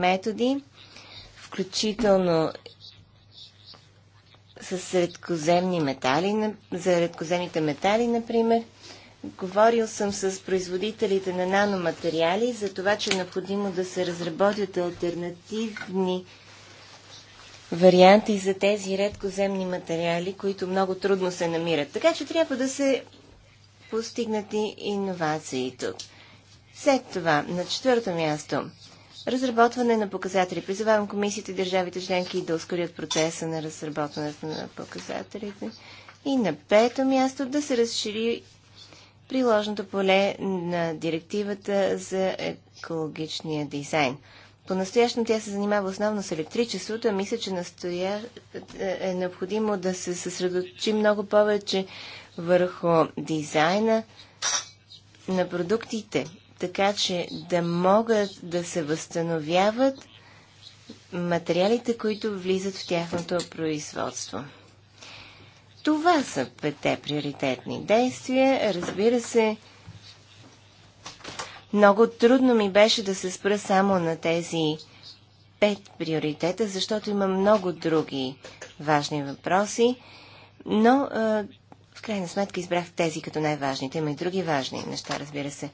методи, включително с редкоземни метали, за редкоземните метали, например. Говорил съм с производителите на наноматериали за това, че е необходимо да се разработят альтернативни варианти за тези редкоземни материали, които много трудно се намират. Така че трябва да се постигнати иновации тук. След това, на четвърто място, Разработване на показатели. Призовавам комисията и държавите членки да ускорят процеса на разработването на показателите. И на пето място да се разшири приложното поле на директивата за екологичния дизайн. по настоящно тя се занимава основно с електричеството, а мисля, че настоя... е необходимо да се съсредоточи много повече върху дизайна на продуктите така че да могат да се възстановяват материалите, които влизат в тяхното производство. Това са пете приоритетни действия. Разбира се, много трудно ми беше да се спра само на тези пет приоритета, защото има много други важни въпроси, но в крайна сметка избрах тези като най-важните. Има и други важни неща, разбира се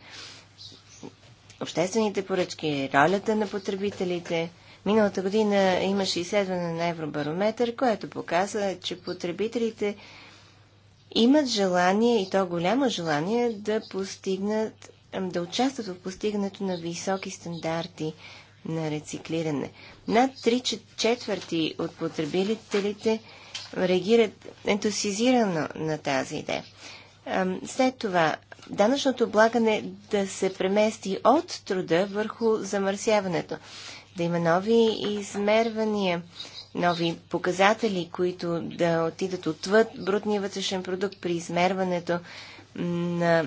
обществените поръчки, ролята на потребителите. Миналата година имаше изследване на Евробарометър, което показа, че потребителите имат желание и то голямо желание да постигнат, да участват в постигането на високи стандарти на рециклиране. Над 3 четвърти от потребителите реагират ентусизирано на тази идея. След това данъчното облагане да се премести от труда върху замърсяването. Да има нови измервания, нови показатели, които да отидат отвъд брутния вътрешен продукт при измерването на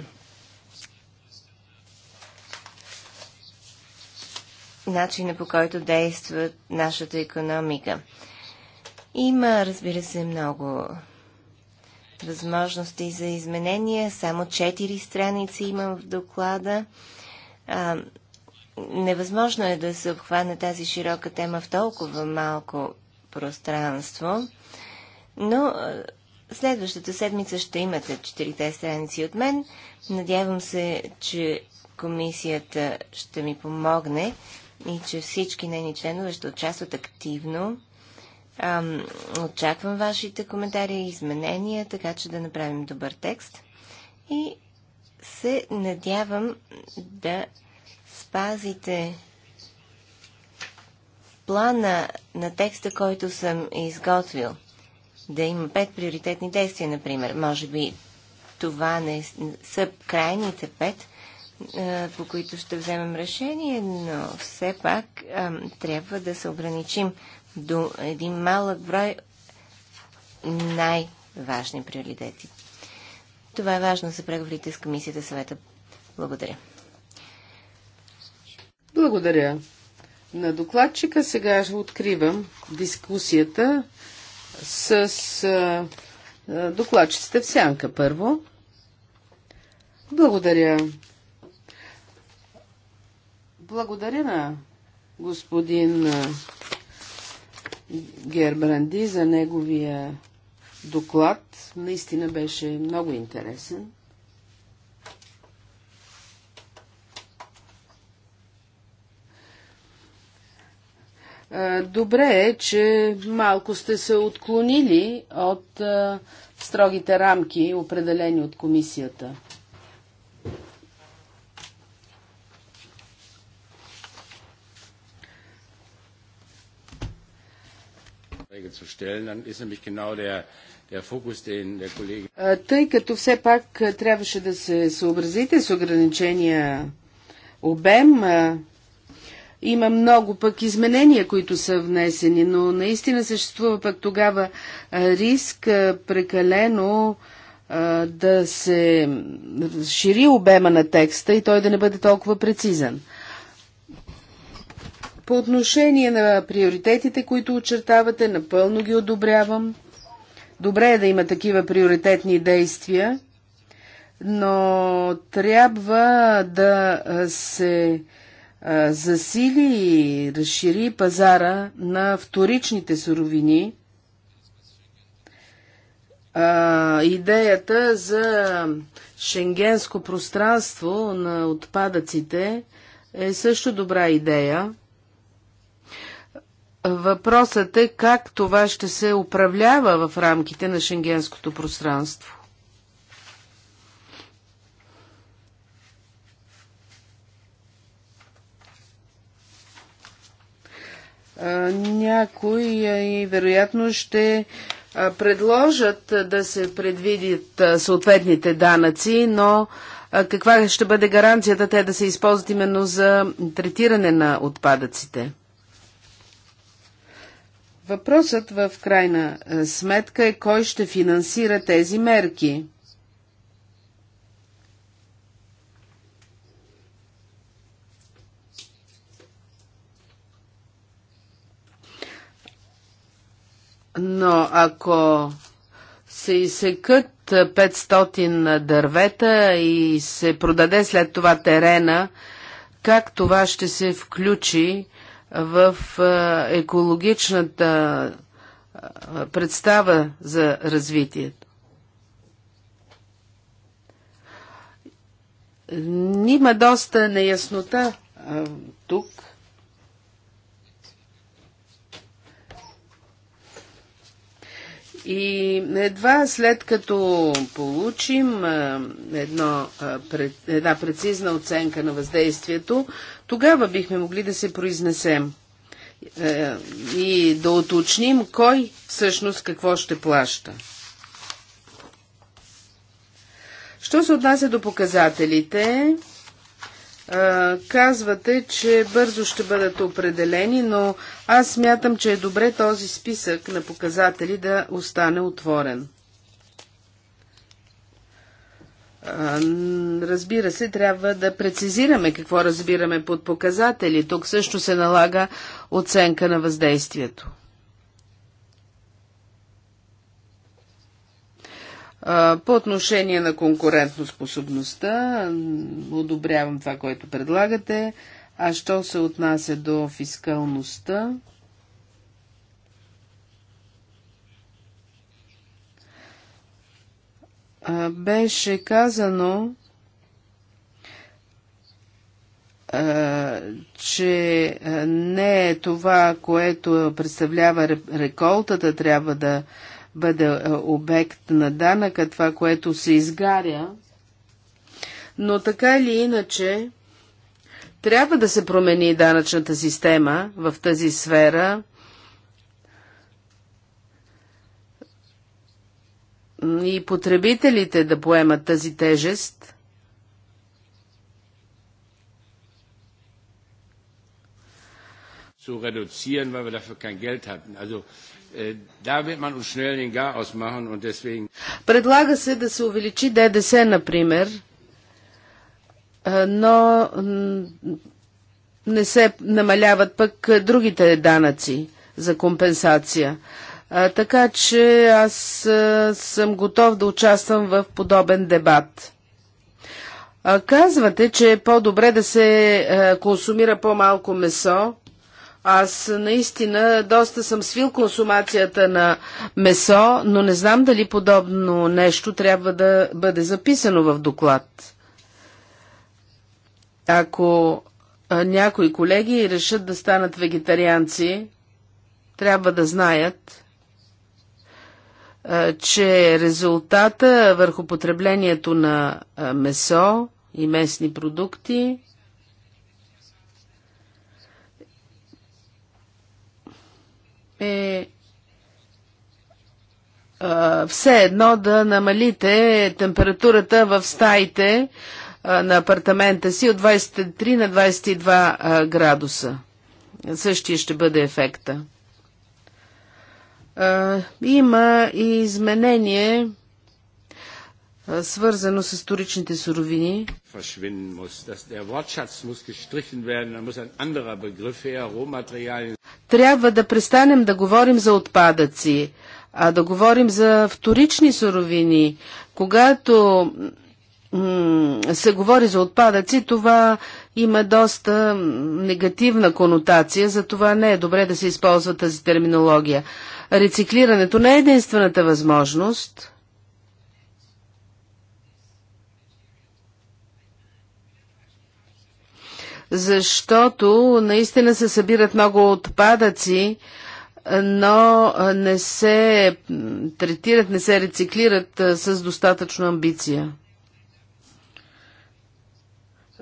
начина по който действа нашата економика. Има, разбира се, много възможности за изменения. Само четири страници имам в доклада. А, невъзможно е да се обхване тази широка тема в толкова малко пространство, но следващата седмица ще имате четирите страници от мен. Надявам се, че комисията ще ми помогне и че всички нейни членове ще участват активно Ам, очаквам вашите коментари и изменения, така че да направим добър текст. И се надявам да спазите плана на текста, който съм изготвил. Да има пет приоритетни действия, например. Може би това не са крайните пет, по които ще вземем решение, но все пак трябва да се ограничим до един малък брой най-важни приоритети. Това е важно за преговорите с комисията съвета. Благодаря. Благодаря. На докладчика сега откривам дискусията с докладчиците в сянка първо. Благодаря. Благодаря на господин Гербранди за неговия доклад. Наистина беше много интересен. Добре е, че малко сте се отклонили от строгите рамки, определени от комисията. Е, тъй като все пак е, трябваше да се съобразите с ограничения обем, е, има много пък изменения, които са внесени, но наистина съществува пък тогава риск прекалено да се шири обема на текста и той да не бъде толкова прецизен. По отношение на приоритетите, които очертавате, напълно ги одобрявам. Добре е да има такива приоритетни действия, но трябва да се засили и разшири пазара на вторичните суровини. А, идеята за шенгенско пространство на отпадъците е също добра идея. Въпросът е как това ще се управлява в рамките на шенгенското пространство. някои и вероятно ще предложат да се предвидят съответните данъци, но каква ще бъде гаранцията те да се използват именно за третиране на отпадъците? Въпросът в крайна е, сметка е кой ще финансира тези мерки. Но ако се изсекат 500 дървета и се продаде след това терена, как това ще се включи в екологичната представа за развитието. Нима доста неяснота И едва след като получим едно, една прецизна оценка на въздействието, тогава бихме могли да се произнесем е, и да уточним кой всъщност какво ще плаща. Що се отнася до показателите, Казвате, че бързо ще бъдат определени, но аз смятам, че е добре този списък на показатели да остане отворен. Разбира се, трябва да прецизираме какво разбираме под показатели. Тук също се налага оценка на въздействието. По отношение на конкурентоспособността, одобрявам това, което предлагате. А що се отнася до фискалността? Беше казано, че не е това, което представлява реколтата, трябва да бъде е, обект на данъка, това, което се изгаря. Но така или иначе, трябва да се промени данъчната система в тази сфера. И потребителите да поемат тази тежест – zu reduzieren, weil wir dafür kein Geld hatten. Also äh, da wird man uns schnell den Garaus machen und deswegen. Предлага се да се увеличи ДДС, например, но не се намаляват пък другите данъци за компенсация. така че аз съм готов да участвам в подобен дебат. казвате, че е по-добре да се консумира по-малко месо, аз наистина доста съм свил консумацията на месо, но не знам дали подобно нещо трябва да бъде записано в доклад. Ако някои колеги решат да станат вегетарианци, трябва да знаят, че резултата върху потреблението на месо и местни продукти е все едно да намалите температурата в стаите на апартамента си от 23 на 22 градуса. Същия ще бъде ефекта. Има и изменение свързано с вторичните суровини. Трябва да престанем да говорим за отпадъци, а да говорим за вторични суровини. Когато се говори за отпадъци, това има доста негативна конотация, За това не е добре да се използва тази терминология. Рециклирането не е единствената възможност – защото наистина се събират много отпадъци, но не се третират, не се рециклират с достатъчно амбиция.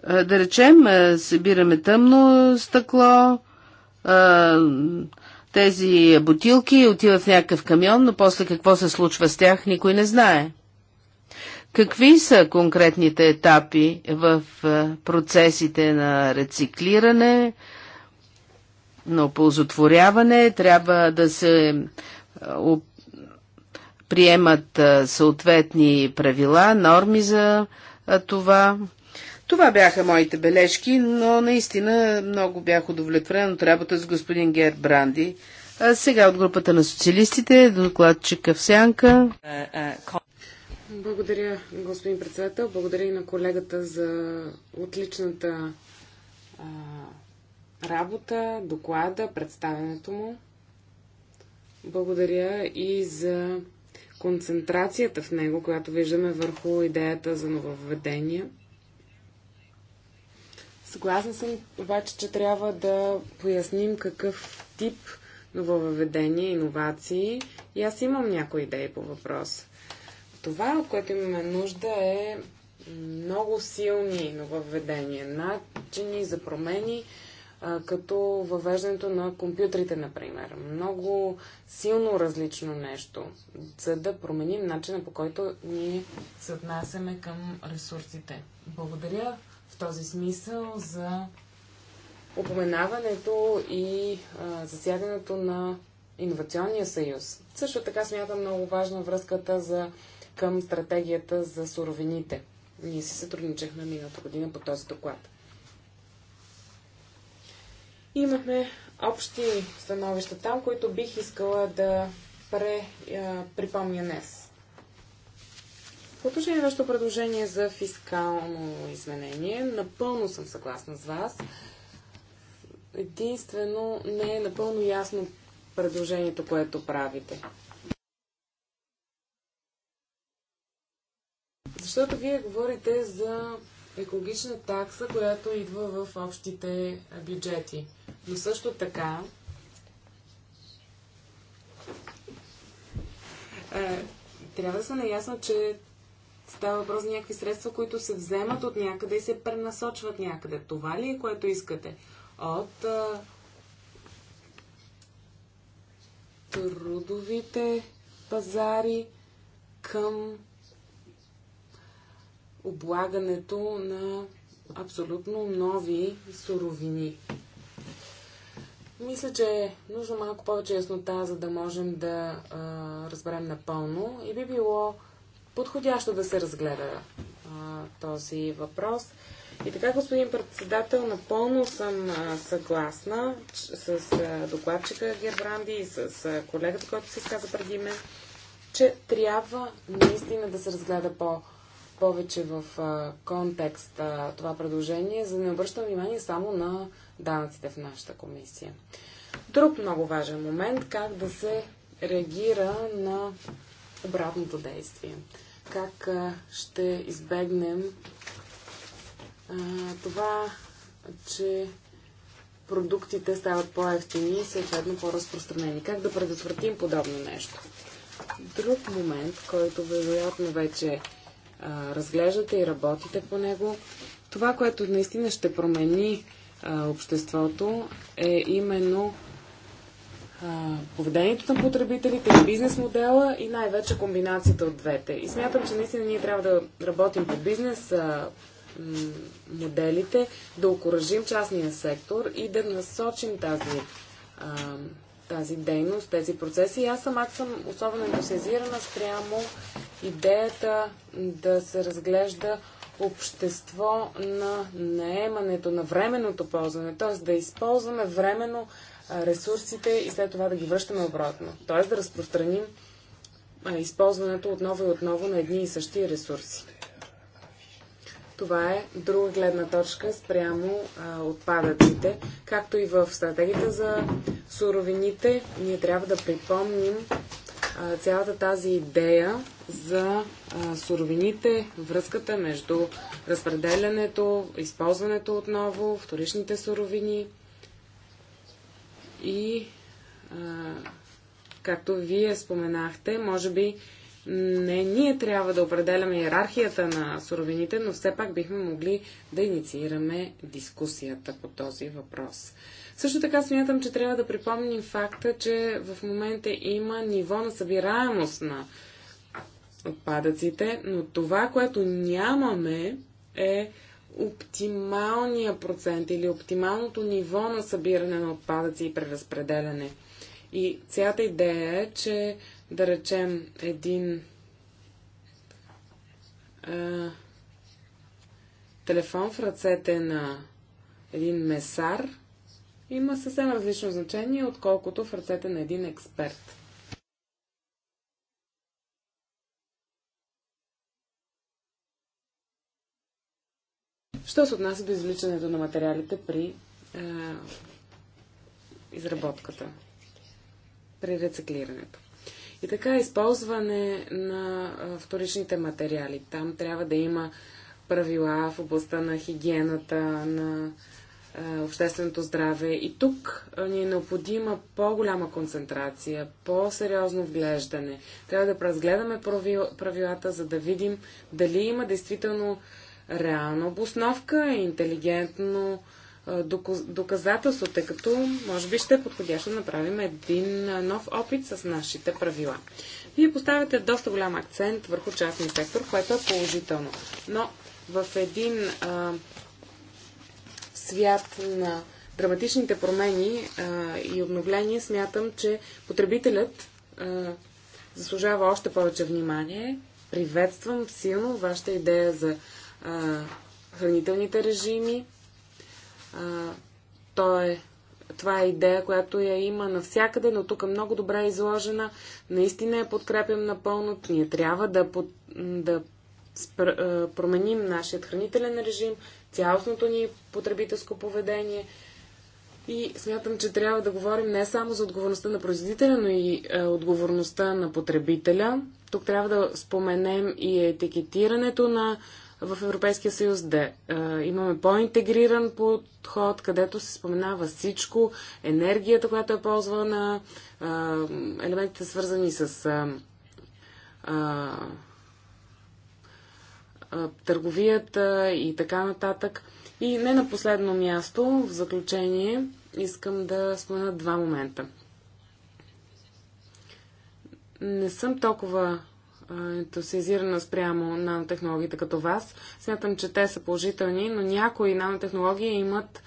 Да речем, събираме тъмно стъкло, тези бутилки отиват в някакъв камион, но после какво се случва с тях, никой не знае. Какви са конкретните етапи в е, процесите на рециклиране, на оползотворяване? Трябва да се е, приемат е, съответни правила, норми за това. Това бяха моите бележки, но наистина много бях удовлетворен от работа с господин Гер Бранди. А сега от групата на социалистите, докладчика в сянка. Благодаря, господин председател. Благодаря и на колегата за отличната а, работа, доклада, представенето му. Благодаря и за концентрацията в него, която виждаме върху идеята за нововведение. Съгласна съм обаче, че трябва да поясним какъв тип нововведение, иновации. И аз имам някои идеи по въпроса. Това, от което имаме нужда е много силни нововведения, начини за промени, като въвеждането на компютрите, например. Много силно различно нещо, за да променим начина по който ние се отнасяме към ресурсите. Благодаря в този смисъл за упоменаването и засягането на Инновационния съюз. Също така смятам много важна връзката за към стратегията за суровините. Ние си сътрудничахме миналата година по този доклад. Имахме общи становища там, които бих искала да пре, а, припомня днес. По отношение на вашето предложение за фискално изменение, напълно съм съгласна с вас. Единствено не е напълно ясно предложението, което правите. Защото вие говорите за екологична такса, която идва в общите бюджети. Но също така е, трябва да са наясно, че става въпрос за някакви средства, които се вземат от някъде и се пренасочват някъде. Това ли е, което искате? От е, трудовите пазари към облагането на абсолютно нови суровини. Мисля, че е нужно малко повече яснота, за да можем да а, разберем напълно и би било подходящо да се разгледа а, този въпрос. И така, господин председател, напълно съм а, съгласна с а, докладчика Гербранди и с а, колегата, който се изказа преди мен, че трябва наистина да се разгледа по добре повече в контекст това предложение, за да не обръщам внимание само на данъците в нашата комисия. Друг много важен момент как да се реагира на обратното действие. Как ще избегнем а, това, че продуктите стават по-ефтини и съответно по-разпространени. Как да предотвратим подобно нещо? Друг момент, който вероятно вече разглеждате и работите по него. Това, което наистина ще промени а, обществото, е именно поведението на потребителите, бизнес модела и най-вече комбинацията от двете. И смятам, че наистина ние трябва да работим по бизнес а, моделите, да окоръжим частния сектор и да насочим тази, а, тази дейност, тези процеси. И аз съм, аз съм особено ентусиазирана спрямо идеята да се разглежда общество на наемането, на временното ползване, т.е. да използваме временно ресурсите и след това да ги връщаме обратно. Т.е. да разпространим използването отново и отново на едни и същи ресурси. Това е друга гледна точка спрямо а, отпадъците, както и в стратегията за суровините. Ние трябва да припомним цялата тази идея за суровините, връзката между разпределянето, използването отново, вторичните суровини и, както вие споменахте, може би не ние трябва да определяме иерархията на суровините, но все пак бихме могли да инициираме дискусията по този въпрос. Също така смятам, че трябва да припомним факта, че в момента има ниво на събираемост на отпадъците, но това, което нямаме е оптималния процент или оптималното ниво на събиране на отпадъци и преразпределяне. И цялата идея е, че да речем един а, телефон в ръцете на един месар – има съвсем различно значение, отколкото в ръцете на един експерт. Що се отнася до извличането на материалите при е, изработката, при рециклирането? И така, използване на е, вторичните материали. Там трябва да има правила в областта на хигиената, на общественото здраве. И тук ни е необходима по-голяма концентрация, по-сериозно вглеждане. Трябва да разгледаме правилата, за да видим дали има действително реална обосновка, интелигентно доказателство, тъй като може би ще е подходящо да направим един нов опит с нашите правила. Вие поставяте доста голям акцент върху частния сектор, което е положително. Но в един а, свят на драматичните промени а, и обновления, смятам, че потребителят а, заслужава още повече внимание. Приветствам силно вашата идея за а, хранителните режими. А, то е, това е идея, която я има навсякъде, но тук е много добре изложена. Наистина я подкрепям напълно. Ние трябва да, под, да спр, а, променим нашия хранителен режим, цялостното ни потребителско поведение. И смятам, че трябва да говорим не само за отговорността на производителя, но и е, отговорността на потребителя. Тук трябва да споменем и етикетирането на в Европейския съюз, де е, имаме по-интегриран подход, където се споменава всичко, енергията, която е ползвана, е, елементите свързани с е, е търговията и така нататък. И не на последно място, в заключение, искам да спомена два момента. Не съм толкова ентусиазирана спрямо нанотехнологиите като вас. Смятам, че те са положителни, но някои нанотехнологии имат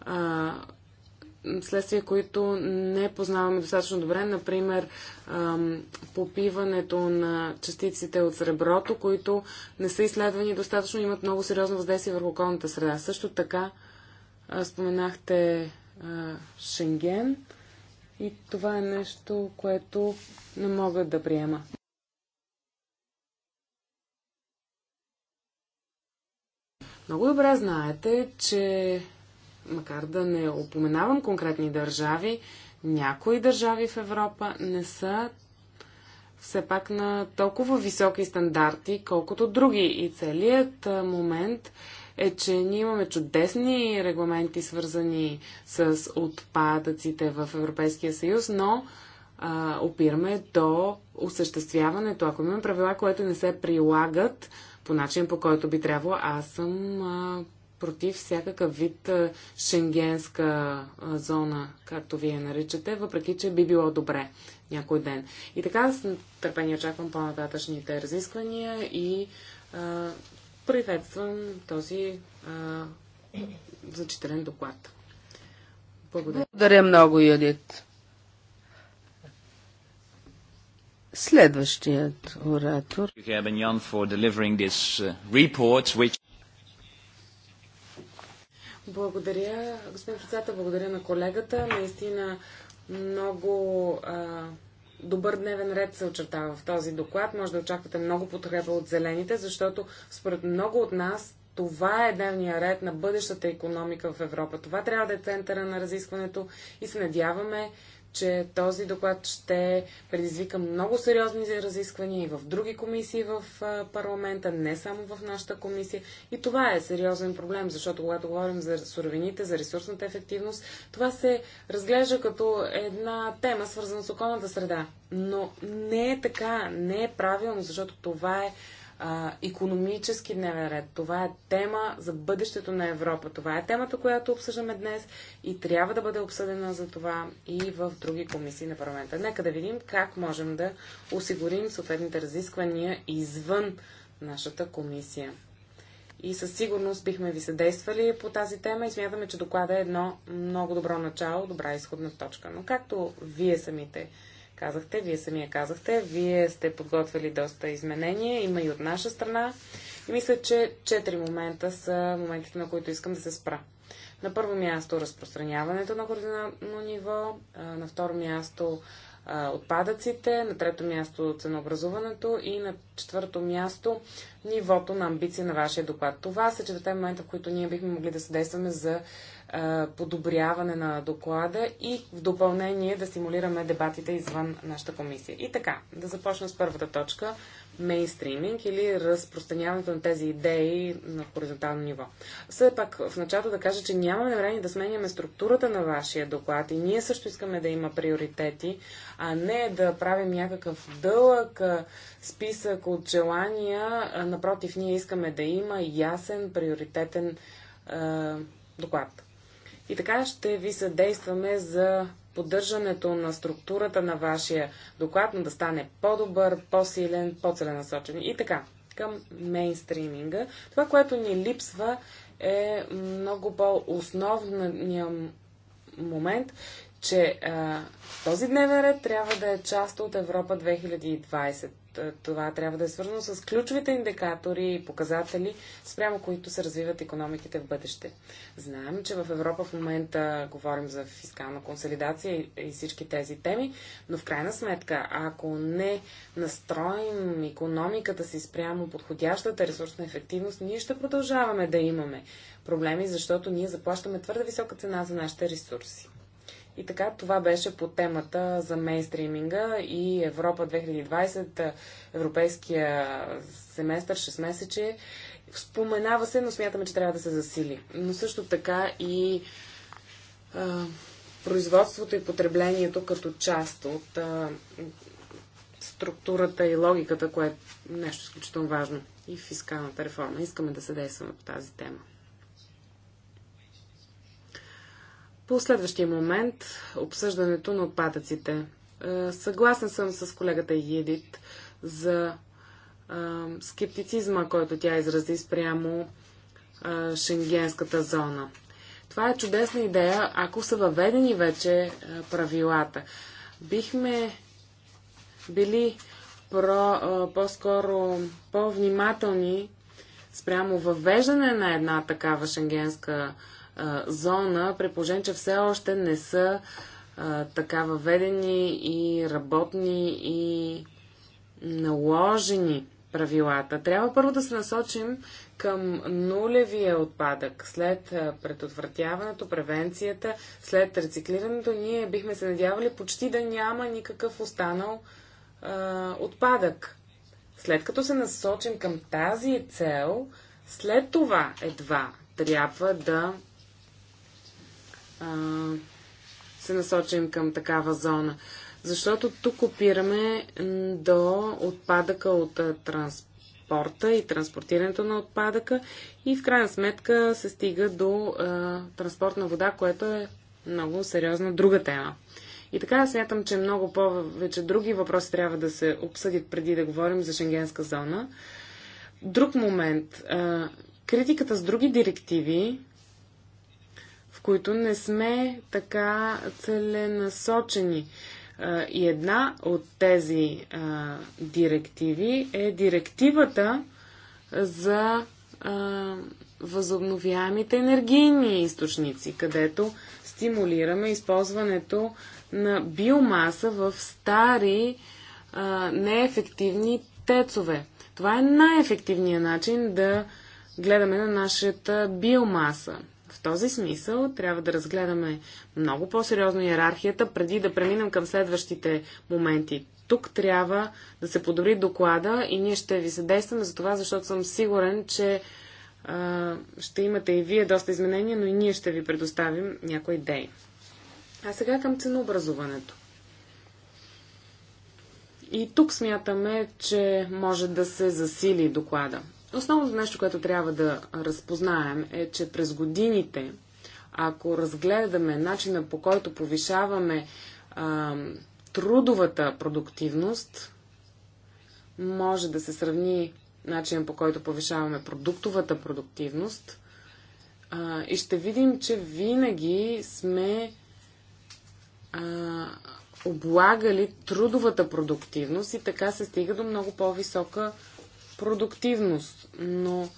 а, следствия, които не познаваме достатъчно добре. Например, попиването на частиците от среброто, които не са изследвани достатъчно, имат много сериозно въздействие върху околната среда. Също така споменахте Шенген и това е нещо, което не мога да приема. Много добре знаете, че макар да не упоменавам конкретни държави, някои държави в Европа не са все пак на толкова високи стандарти, колкото други. И целият момент е, че ние имаме чудесни регламенти, свързани с отпадъците в Европейския съюз, но а, опираме до осъществяването. Ако имаме правила, които не се прилагат по начин, по който би трябвало, аз съм а, против всякакъв вид шенгенска зона, както вие наричате, въпреки че би било добре някой ден. И така с търпение очаквам по-нататъчните разисквания и а, приветствам този а, значителен доклад. Благодаря. Благодаря много, Юдит. Следващият оратор. This, uh, report, which... Благодаря, господин председател, благодаря на колегата. Наистина много а, добър дневен ред се очертава в този доклад. Може да очаквате много потреба от зелените, защото според много от нас това е дневния ред на бъдещата економика в Европа. Това трябва да е центъра на разискването и се надяваме, че този доклад ще предизвика много сериозни разисквания и в други комисии в парламента, не само в нашата комисия. И това е сериозен проблем, защото когато говорим за суровините, за ресурсната ефективност, това се разглежда като една тема, свързана с околната среда. Но не е така, не е правилно, защото това е а, економически дневен ред. Това е тема за бъдещето на Европа. Това е темата, която обсъждаме днес и трябва да бъде обсъдена за това и в други комисии на парламента. Нека да видим как можем да осигурим съответните разисквания извън нашата комисия. И със сигурност бихме ви съдействали по тази тема и смятаме, че доклада е едно много добро начало, добра изходна точка. Но както вие самите казахте, вие самия казахте. Вие сте подготвили доста изменения, има и от наша страна. И мисля, че четири момента са моментите, на които искам да се спра. На първо място разпространяването на координатно ниво, на второ място отпадъците, на трето място ценообразуването и на четвърто място нивото на амбиции на вашия доклад. Това са четвърте момента, в които ние бихме могли да съдействаме за е, подобряване на доклада и в допълнение да стимулираме дебатите извън нашата комисия. И така, да започна с първата точка мейнстриминг или разпространяването на тези идеи на хоризонтално ниво. Все пак в началото да кажа, че нямаме намерение да сменяме структурата на вашия доклад и ние също искаме да има приоритети, а не да правим някакъв дълъг списък от желания. Напротив, ние искаме да има ясен, приоритетен е, доклад. И така ще ви съдействаме за поддържането на структурата на вашия доклад, но да стане по-добър, по-силен, по-целенасочен. И така, към мейнстриминга. Това, което ни липсва е много по-основният момент, че а, този дневен ред трябва да е част от Европа 2020. Е, това трябва да е свързано с ключовите индикатори и показатели, спрямо които се развиват економиките в бъдеще. Знаем, че в Европа в момента говорим за фискална консолидация и всички тези теми, но в крайна сметка, ако не настроим економиката си спрямо подходящата ресурсна ефективност, ние ще продължаваме да имаме проблеми, защото ние заплащаме твърде висока цена за нашите ресурси. И така, това беше по темата за мейнстриминга и Европа 2020, европейския семестър, 6 месече. Споменава се, но смятаме, че трябва да се засили. Но също така и а, производството и потреблението като част от а, структурата и логиката, което е нещо изключително важно. И фискалната реформа. Искаме да се действаме по тази тема. По следващия момент обсъждането на отпадъците. Е, съгласен съм с колегата Едит за е, скептицизма, който тя изрази спрямо е, Шенгенската зона. Това е чудесна идея, ако са въведени вече правилата. Бихме били по-скоро по-внимателни спрямо въвеждане на една такава шенгенска зона, при положение, че все още не са така въведени и работни и наложени правилата. Трябва първо да се насочим към нулевия отпадък. След предотвратяването, превенцията, след рециклирането, ние бихме се надявали почти да няма никакъв останал а, отпадък. След като се насочим към тази цел, след това едва трябва да се насочим към такава зона. Защото тук опираме до отпадъка от транспорта и транспортирането на отпадъка и в крайна сметка се стига до а, транспортна вода, което е много сериозна друга тема. И така смятам, че много повече други въпроси трябва да се обсъдят преди да говорим за Шенгенска зона. Друг момент. А, критиката с други директиви които не сме така целенасочени. И една от тези а, директиви е директивата за а, възобновяемите енергийни източници, където стимулираме използването на биомаса в стари а, неефективни тецове. Това е най-ефективният начин да гледаме на нашата биомаса този смисъл трябва да разгледаме много по-сериозно иерархията, преди да преминем към следващите моменти. Тук трябва да се подобри доклада и ние ще ви съдействаме за това, защото съм сигурен, че а, ще имате и вие доста изменения, но и ние ще ви предоставим някои идеи. А сега към ценообразуването. И тук смятаме, че може да се засили доклада. Основното нещо, което трябва да разпознаем е, че през годините, ако разгледаме начина по който повишаваме а, трудовата продуктивност, може да се сравни начинът по който повишаваме продуктовата продуктивност а, и ще видим, че винаги сме а, облагали трудовата продуктивност и така се стига до много по-висока продуктивност, но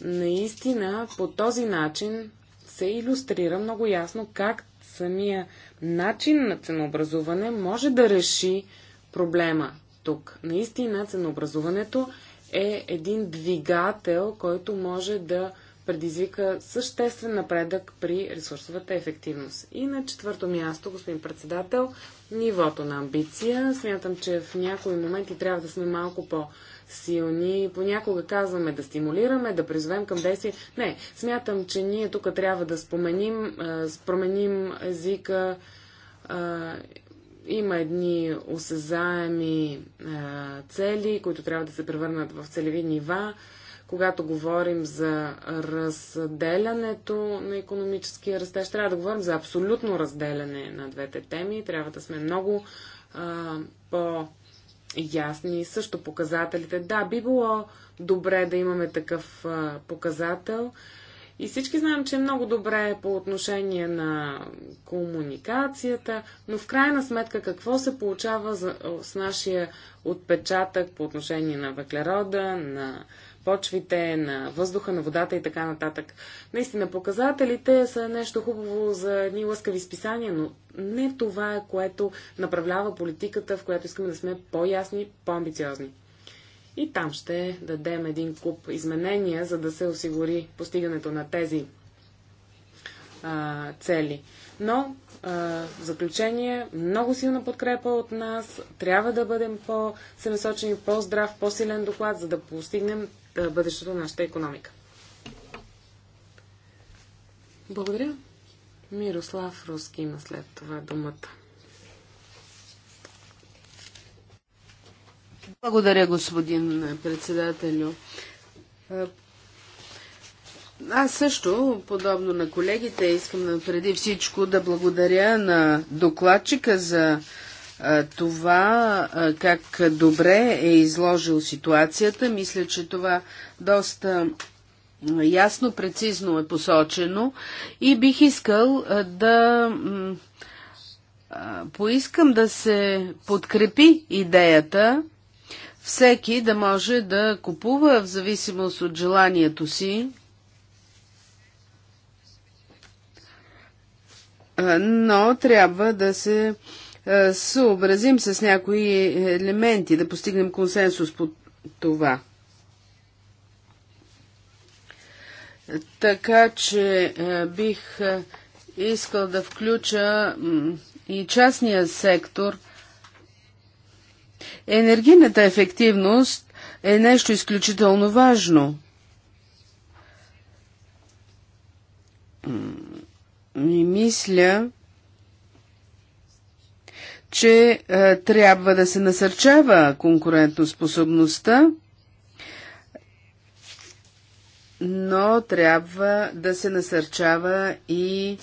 наистина по този начин се иллюстрира много ясно как самия начин на ценообразуване може да реши проблема тук. Наистина ценообразуването е един двигател, който може да предизвика съществен напредък при ресурсовата ефективност. И на четвърто място, господин председател, нивото на амбиция. Смятам, че в някои моменти трябва да сме малко по- силни. Понякога казваме да стимулираме, да призовем към действие. Не, смятам, че ние тук трябва да споменим, променим езика. Има едни осезаеми цели, които трябва да се превърнат в целеви нива когато говорим за разделянето на економическия растеж, трябва да говорим за абсолютно разделяне на двете теми. Трябва да сме много а, по ясни също показателите. Да, би било добре да имаме такъв а, показател. И всички знаем, че е много добре по отношение на комуникацията, но в крайна сметка какво се получава за, с нашия отпечатък по отношение на въглерода, на почвите, на въздуха, на водата и така нататък. Наистина, показателите са нещо хубаво за едни лъскави списания, но не това е което направлява политиката, в която искаме да сме по-ясни, по-амбициозни. И там ще дадем един куп изменения, за да се осигури постигането на тези а, цели. Но, а, в заключение, много силна подкрепа от нас. Трябва да бъдем по-целесочени, по-здрав, по-силен доклад, за да постигнем бъдещето на нашата економика. Благодаря. Мирослав Руски има след това думата. Благодаря, господин председателю. Аз също, подобно на колегите, искам преди всичко да благодаря на докладчика за това как добре е изложил ситуацията, мисля, че това доста ясно, прецизно е посочено и бих искал да поискам да се подкрепи идеята всеки да може да купува в зависимост от желанието си но трябва да се е, съобразим с някои елементи, да постигнем консенсус по това. Така че е, бих е, искал да включа и частния сектор. Енергийната ефективност е нещо изключително важно. И мисля, че е, трябва да се насърчава конкурентоспособността, но трябва да се насърчава и е,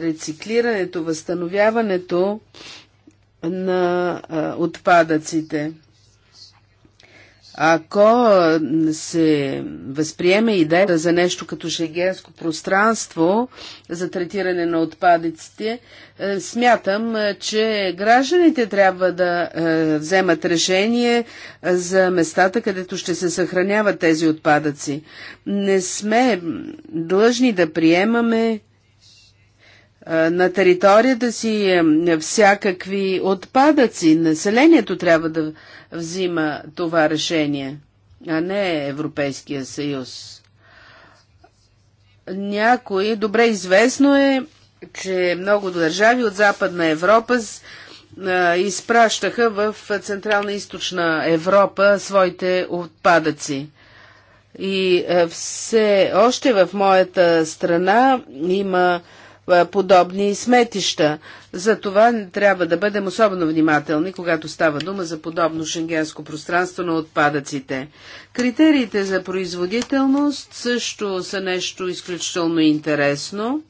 рециклирането, възстановяването на е, отпадъците. Ако се възприеме идеята за нещо като шегенско пространство за третиране на отпадъците, е, смятам, е, че гражданите трябва да е, вземат решение за местата, където ще се съхраняват тези отпадъци. Не сме длъжни да приемаме на територията си е, е, всякакви отпадъци. Населението трябва да взима това решение, а не Европейския съюз. Някои, добре известно е, че много държави от Западна Европа изпращаха в Централна и Източна Европа своите отпадъци. И все още в моята страна има е, подобни сметища. За това трябва да бъдем особено внимателни, когато става дума за подобно шенгенско пространство на отпадъците. Критериите за производителност също са нещо изключително интересно,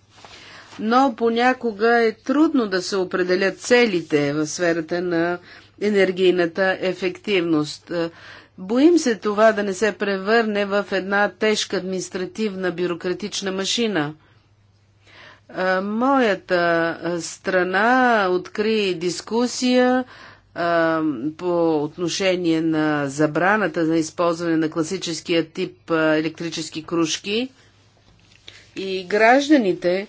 но понякога е трудно да се определят целите в сферата на енергийната ефективност. Е, боим се това да не се превърне в една тежка административна бюрократична машина. Моята страна откри дискусия по отношение на забраната за използване на класическия тип електрически кружки и гражданите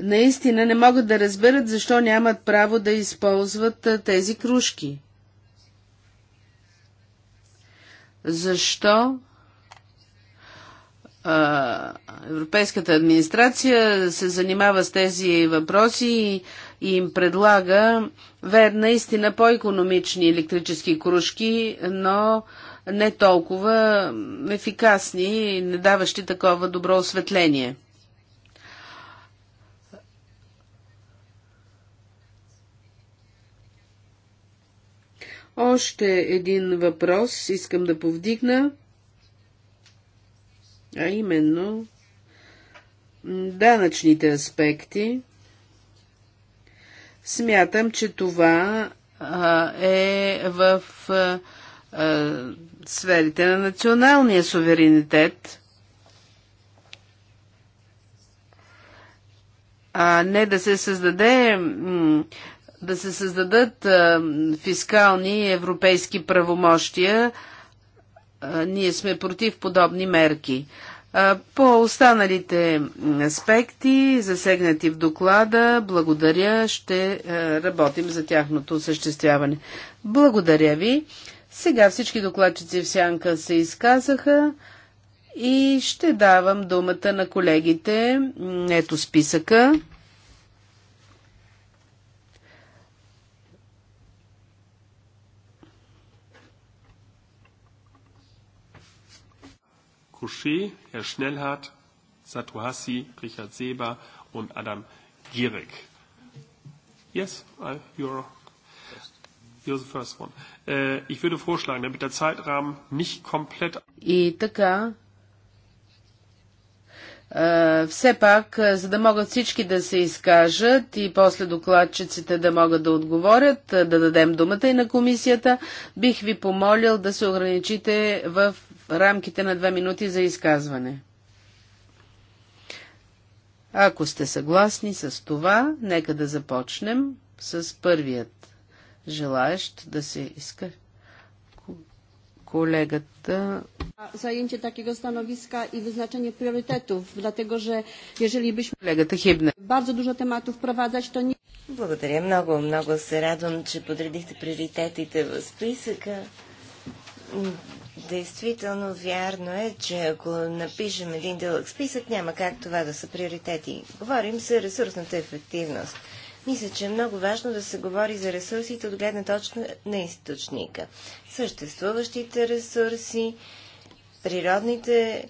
наистина не могат да разберат защо нямат право да използват тези кружки. Защо Европейската администрация се занимава с тези въпроси и им предлага вер наистина по-економични електрически кружки, но не толкова ефикасни, не даващи такова добро осветление. Още един въпрос искам да повдигна – а именно данъчните аспекти. Смятам, че това а, е в а, сферите на националния суверенитет, а не да се създаде да се създадат а, фискални европейски правомощия, ние сме против подобни мерки. По останалите аспекти, засегнати в доклада, благодаря, ще работим за тяхното осъществяване. Благодаря ви. Сега всички докладчици в сянка се изказаха и ще давам думата на колегите. Ето списъка. Fouché, Herr Schnellhardt, Satuhassi, Richard Seber und Adam Gierig. Yes, I, you're, you're the first one. Äh, ich würde vorschlagen, damit der Zeitrahmen nicht komplett... И така, все пак, за да могат всички да се изкажат и после докладчиците да могат да отговорят, да дадем думата и на комисията, бих ви помолил да се ограничите в рамките на две минути за изказване. Ако сте съгласни с това, нека да започнем с първият желаещ да се иска. Колегата. Zajęcie takiego stanowiska i wyznaczenie priorytetów, dlatego że jeżeli byśmy bardzo dużo tematów wprowadzać, to nie. Благодаря много, много се радвам, че подредихте приоритетите в списъка. Действително вярно е, че ако напишем един дълъг списък, няма как това да са приоритети. Говорим за ресурсната ефективност. Мисля, че е много важно да се говори за ресурсите от гледна точка на източника. Съществуващите ресурси, природните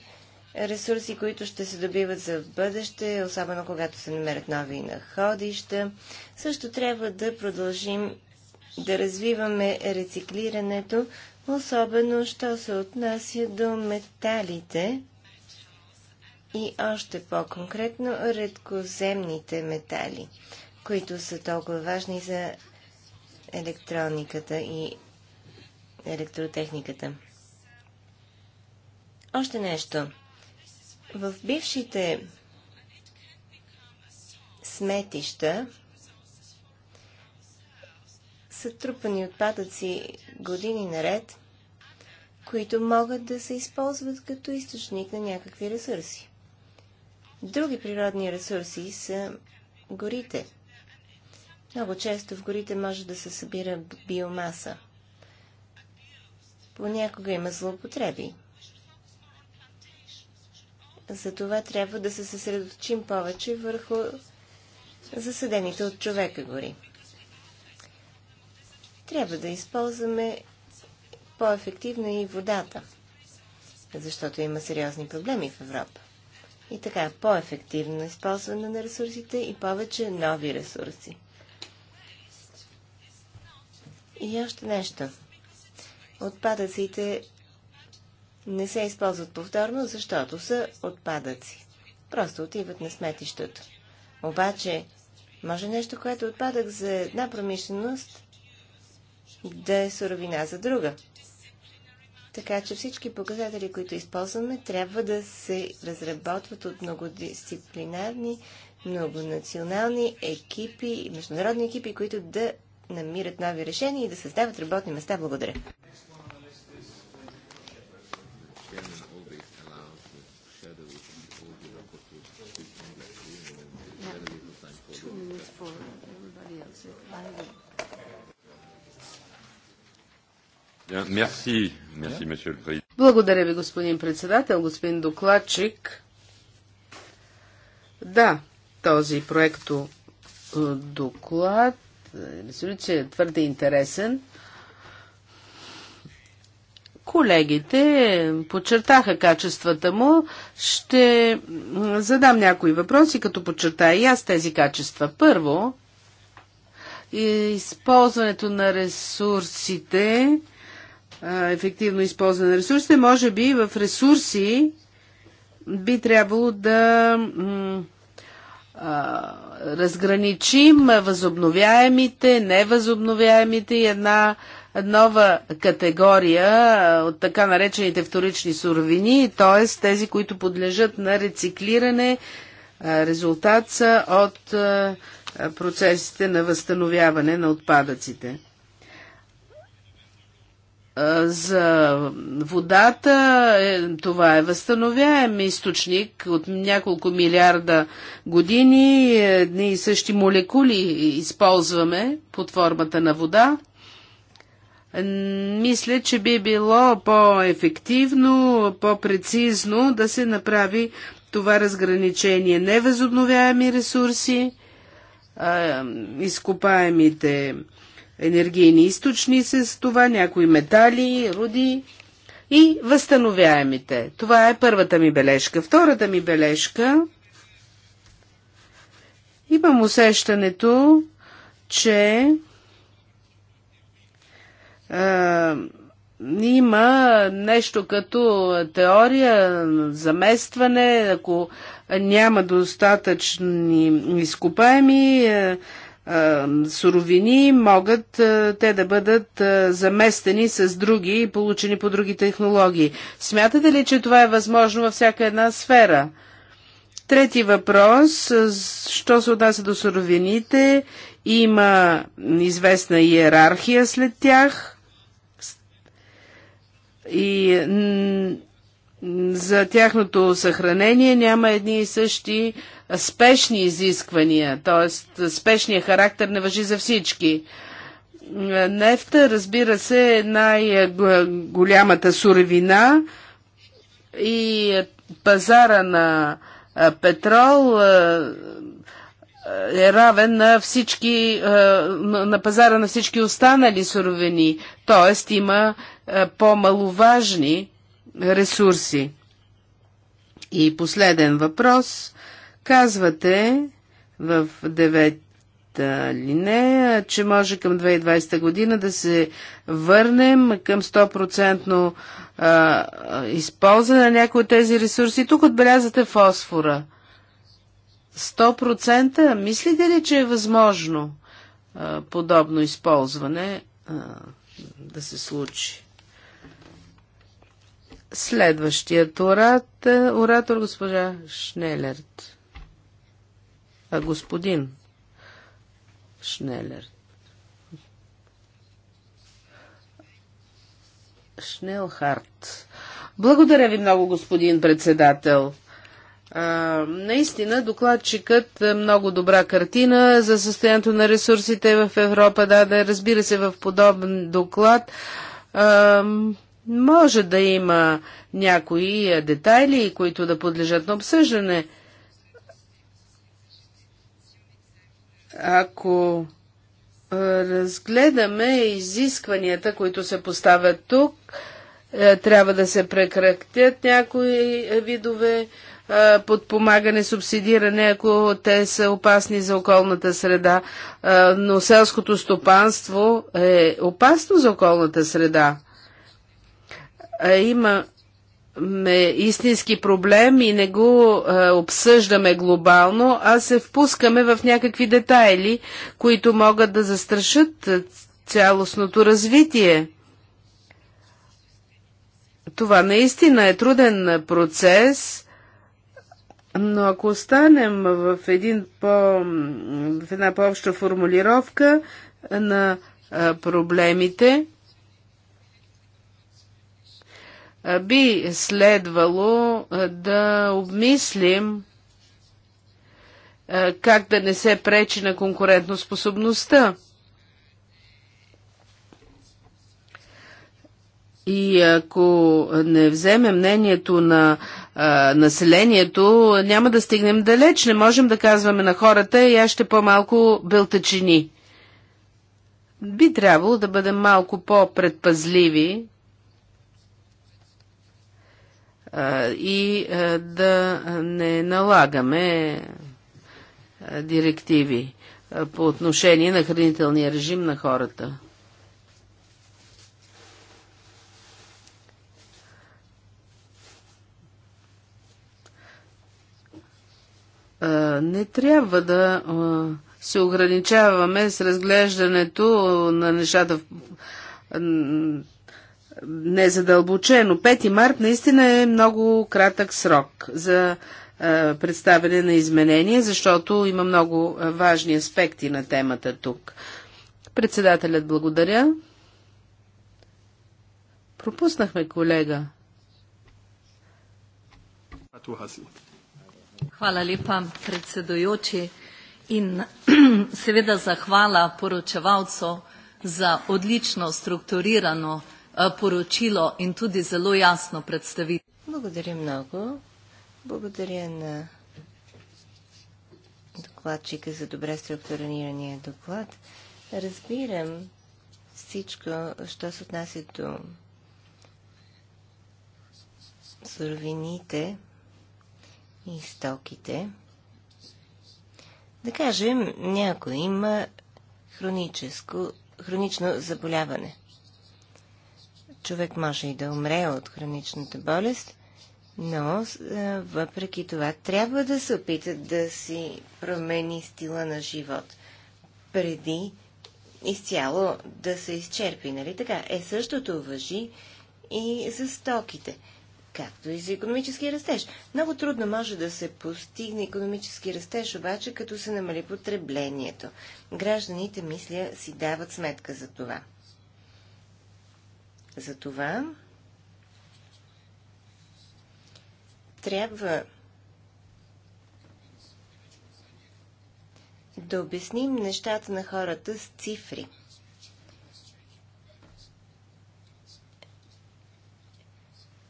ресурси, които ще се добиват за бъдеще, особено когато се намерят нови находища. Също трябва да продължим да развиваме рециклирането, особено що се отнася до металите и още по-конкретно редкоземните метали, които са толкова важни за електрониката и електротехниката. Още нещо. В бившите сметища са трупани отпадъци години наред, които могат да се използват като източник на някакви ресурси. Други природни ресурси са горите. Много често в горите може да се събира биомаса. Понякога има злоупотреби. Затова трябва да се съсредоточим повече върху засадените от човека гори. Трябва да използваме по-ефективно и водата, защото има сериозни проблеми в Европа. И така, по-ефективно използване на ресурсите и повече нови ресурси. И още нещо. Отпадъците не се използват повторно, защото са отпадъци. Просто отиват на сметището. Обаче, може нещо, което е отпадък за една промишленост, да е суровина за друга. Така че всички показатели, които използваме, трябва да се разработват от многодисциплинарни, многонационални екипи, международни екипи, които да намират нови решения и да създават работни места. Благодаря. Благодаря ви, господин председател, господин докладчик. Да, този проект е, доклад, е, резолюция е твърде интересен. Колегите подчертаха качествата му. Ще задам някои въпроси, като подчертая и аз тези качества. Първо, използването на ресурсите ефективно използване на ресурсите, може би в ресурси би трябвало да разграничим възобновяемите, невъзобновяемите и една нова категория от така наречените вторични суровини, т.е. тези, които подлежат на рециклиране, резултат са от процесите на възстановяване на отпадъците. За водата е, това е възстановяем източник от няколко милиарда години. Е, едни и същи молекули използваме под формата на вода. Мисля, че би било по-ефективно, по-прецизно да се направи това разграничение. Невъзобновяеми ресурси, изкопаемите ресурси енергийни източници с това, някои метали, руди и възстановяемите. Това е първата ми бележка. Втората ми бележка имам усещането, че а, има нещо като теория, заместване, ако няма достатъчни изкопаеми, суровини, могат те да бъдат заместени с други и получени по други технологии. Смятате ли, че това е възможно във всяка една сфера? Трети въпрос, що се отнася до суровините, има известна иерархия след тях и за тяхното съхранение няма едни и същи спешни изисквания, т.е. спешния характер не въжи за всички. Нефта, разбира се, е най-голямата суровина и пазара на петрол е равен на, всички, на пазара на всички останали суровини, т.е. има по-маловажни ресурси. И последен въпрос Казвате в девета линея, че може към 2020 година да се върнем към 100% използване на някои от тези ресурси. Тук отбелязате фосфора. 100% мислите ли, че е възможно а, подобно използване а, да се случи? Следващият оратор, оратор госпожа Шнелерт. А господин Шнелер. Шнелхарт. Благодаря ви много, господин председател. А, наистина, докладчикът е, много добра картина за състоянието на ресурсите в Европа Да, Да, разбира се, в подобен доклад а, може да има някои е, детайли, които да подлежат на обсъждане – Ако разгледаме изискванията, които се поставят тук, е, трябва да се прекратят някои е, видове е, подпомагане, субсидиране, ако те са опасни за околната среда. Но селското стопанство е опасно за околната среда. Има истински проблем и не го а, е, обсъждаме глобално, а се впускаме в някакви детайли, които могат да застрашат е, цялостното развитие. Това наистина е труден процес, но ако останем в, един по, в една по-обща формулировка на е, проблемите, би следвало да обмислим как да не се пречи на конкурентоспособността. И ако не вземе мнението на а, населението, няма да стигнем далеч. Не можем да казваме на хората, я «Е, ще по-малко бълтачини. Би трябвало да бъдем малко по-предпазливи и да не налагаме директиви по отношение на хранителния режим на хората. Не трябва да се ограничаваме с разглеждането на нещата в незадълбочено. 5 март наистина е много кратък срок за е, представяне на изменения, защото има много е, важни аспекти на темата тук. Председателят благодаря. Пропуснахме колега. Hvala lepa, predsedujoči, in seveda zahvala poročevalcu za odlično strukturirano poročilo in tudi zelo jasno predstavitev. Благодаря много. Благодаря на докладчика за добре структурирания доклад. Разбирам всичко, що се отнася до суровините и стоките. Да кажем, някой има хроническо, хронично заболяване човек може и да умре от хроничната болест, но въпреки това трябва да се опита да си промени стила на живот преди изцяло да се изчерпи, нали така? Е, същото въжи и за стоките, както и за економически растеж. Много трудно може да се постигне економически растеж, обаче като се намали потреблението. Гражданите, мисля, си дават сметка за това. Затова трябва да обясним нещата на хората с цифри.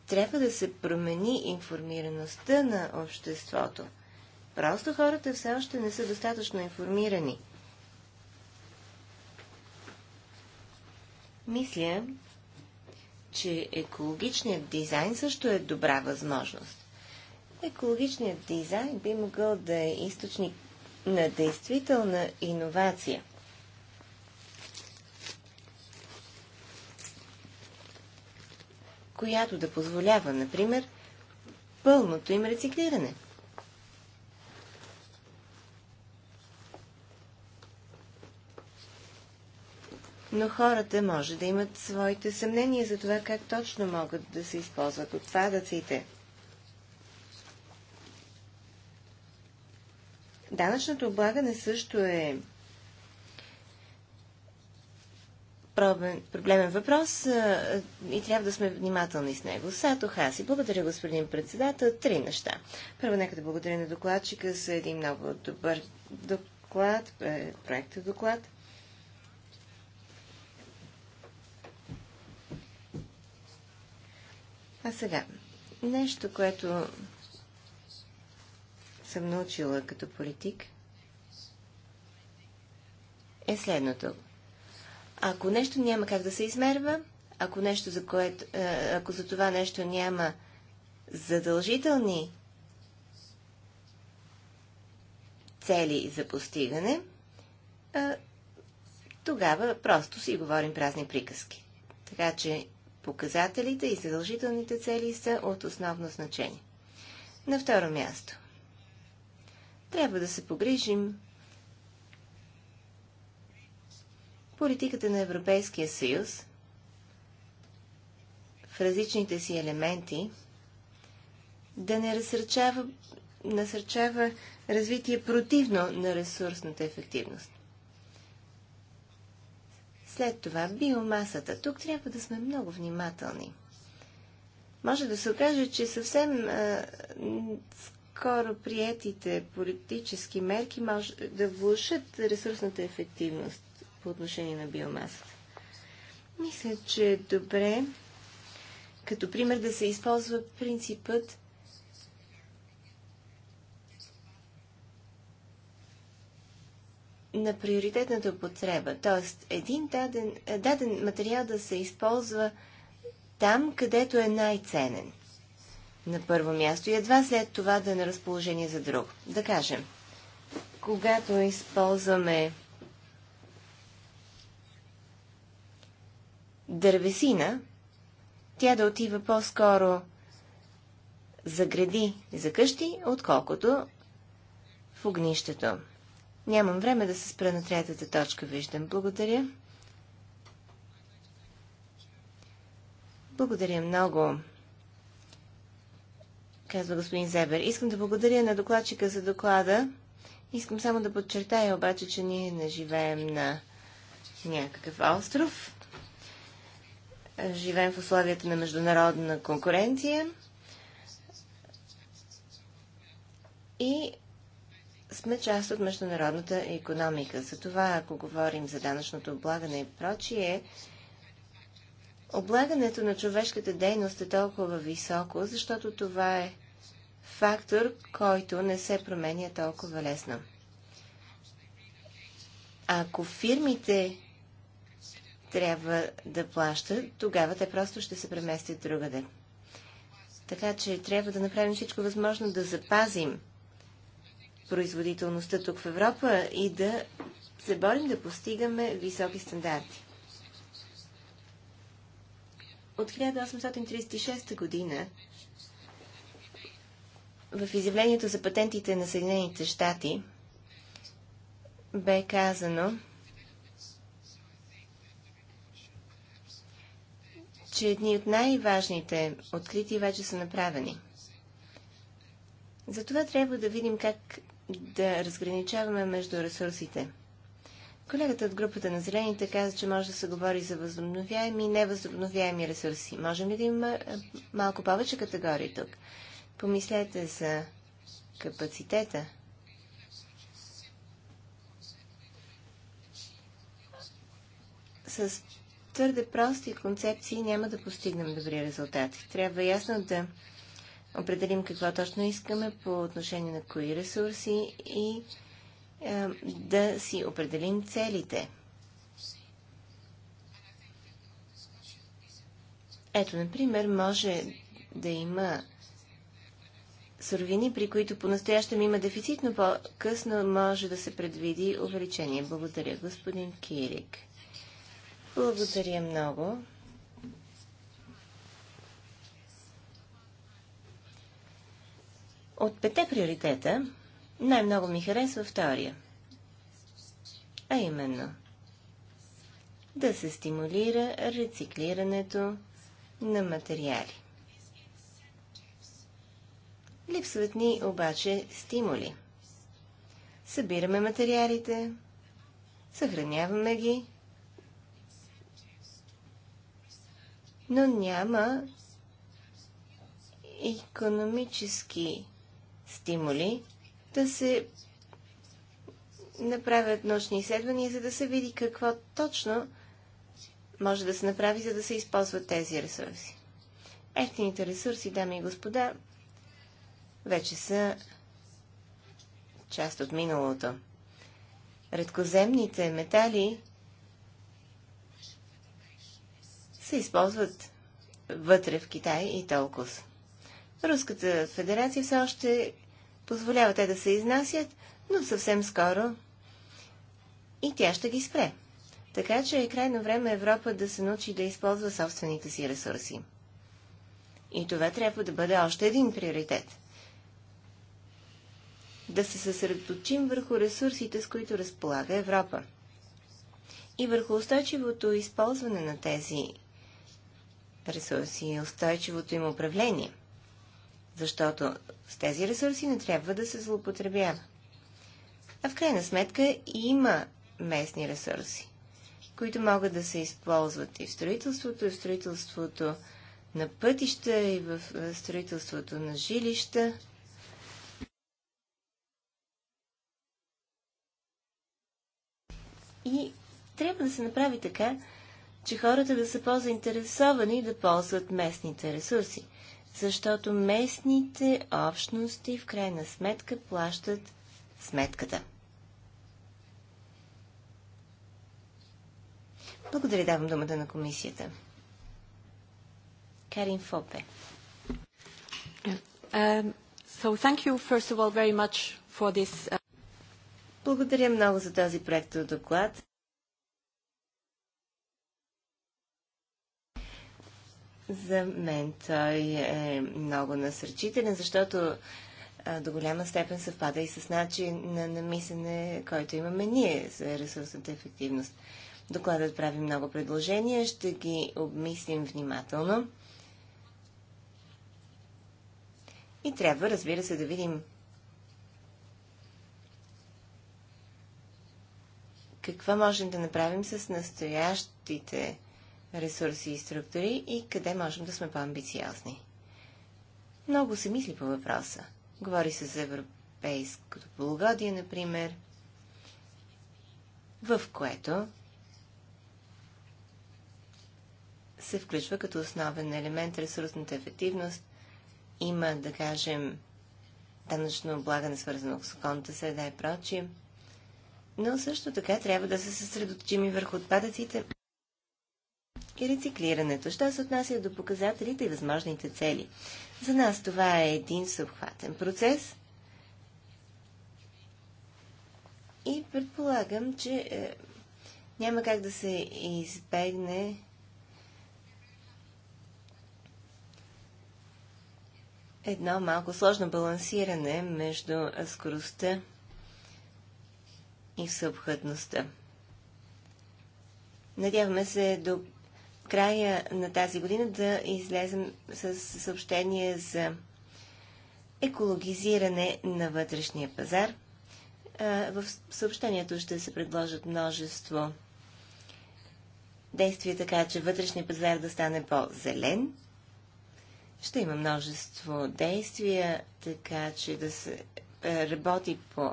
Трябва да се промени информираността на обществото. Просто хората все още не са достатъчно информирани. Мисля, че екологичният дизайн също е добра възможност. Екологичният дизайн би могъл да е източник на действителна иновация. която да позволява, например, пълното им рециклиране – но хората може да имат своите съмнения за това как точно могат да се използват отпадъците. Данъчното облагане също е проблемен въпрос и трябва да сме внимателни с него. Сато Хаси, благодаря господин председател. Три неща. Първо, нека да благодаря на докладчика за един много добър доклад, проектът доклад. А сега, нещо, което съм научила като политик, е следното. Ако нещо няма как да се измерва, ако, нещо за което, е, ако за това нещо няма задължителни цели за постигане, е, тогава просто си говорим празни приказки. Така че показателите и задължителните цели са от основно значение. На второ място. Трябва да се погрижим политиката на Европейския съюз в различните си елементи да не насърчава развитие противно на ресурсната ефективност. След това биомасата. Тук трябва да сме много внимателни. Може да се окаже, че съвсем а, скоро приетите политически мерки може да влушат ресурсната ефективност по отношение на биомасата. Мисля, че е добре като пример да се използва принципът на приоритетната употреба. Тоест, един даден, е, даден материал да се използва там, където е най-ценен. На първо място и едва след това да е на разположение за друг. Да кажем, когато използваме дървесина, тя да отива по-скоро за гради и за къщи, отколкото в огнището. Нямам време да се спра на третата точка, виждам. Благодаря. Благодаря много, казва господин Зебер. Искам да благодаря на докладчика за доклада. Искам само да подчертая обаче, че ние не живеем на някакъв остров. Живеем в условията на международна конкуренция. И сме част от международната економика. Затова, ако говорим за данъчното облагане и прочие, облагането на човешката дейност е толкова високо, защото това е фактор, който не се променя толкова лесно. Ако фирмите трябва да плащат, тогава те просто ще се преместят другаде. Така че трябва да направим всичко възможно да запазим производителността тук в Европа и да се борим да постигаме високи стандарти. От 1836 година в изявлението за патентите на Съединените щати бе казано, че едни от най-важните открити вече са направени. Затова трябва да видим как да разграничаваме между ресурсите. Колегата от групата на зелените каза, че може да се говори за възобновяеми и невъзобновяеми ресурси. Можем ли да има малко повече категории тук? Помислете за капацитета. С твърде прости концепции няма да постигнем добри резултати. Трябва ясно да определим какво точно искаме по отношение на кои ресурси и е, да си определим целите. Ето, например, може да има суровини, при които по-настоящем има дефицит, но по-късно може да се предвиди увеличение. Благодаря, господин Кирик. Благодаря много. От пете приоритета най-много ми харесва втория. А именно да се стимулира рециклирането на материали. Липсват ни обаче стимули. Събираме материалите, съхраняваме ги, но няма економически стимули, да се направят научни изследвания, за да се види какво точно може да се направи, за да се използват тези ресурси. Ефтините ресурси, дами и господа, вече са част от миналото. Редкоземните метали се използват вътре в Китай и толкова. Руската федерация все още позволява те да се изнасят, но съвсем скоро и тя ще ги спре. Така че е крайно време Европа да се научи да използва собствените си ресурси. И това трябва да бъде още един приоритет. Да се съсредоточим върху ресурсите, с които разполага Европа. И върху устойчивото използване на тези ресурси и устойчивото им управление. Защото с тези ресурси не трябва да се злоупотребява. А в крайна сметка има местни ресурси, които могат да се използват и в строителството, и в строителството на пътища, и в строителството на жилища. И трябва да се направи така, че хората да са по-заинтересовани да ползват местните ресурси защото местните общности в крайна сметка плащат сметката. Благодаря, давам думата на комисията. Карин Фопе. Е, Благодаря много за този проект доклад. За мен той е много насърчителен, защото до голяма степен съвпада и с начин на, намислене, който имаме ние за ресурсната ефективност. Докладът прави много предложения, ще ги обмислим внимателно. И трябва, разбира се, да видим какво можем да направим с настоящите ресурси и структури и къде можем да сме по-амбициозни. Много се мисли по въпроса. Говори се за европейското полугодие, например, в което се включва като основен елемент ресурсната ефективност. Има, да кажем, данъчно облагане, свързано с околната среда и прочие. Но също така трябва да се съсредоточим и върху отпадъците, и рециклирането. Що се отнася до показателите и възможните цели? За нас това е един съобхватен процес и предполагам, че е, няма как да се избегне едно малко сложно балансиране между скоростта и съобхътността. Надяваме се до края на тази година да излезем с съобщение за екологизиране на вътрешния пазар. В съобщението ще се предложат множество действия така, че вътрешния пазар да стане по-зелен. Ще има множество действия така, че да се работи по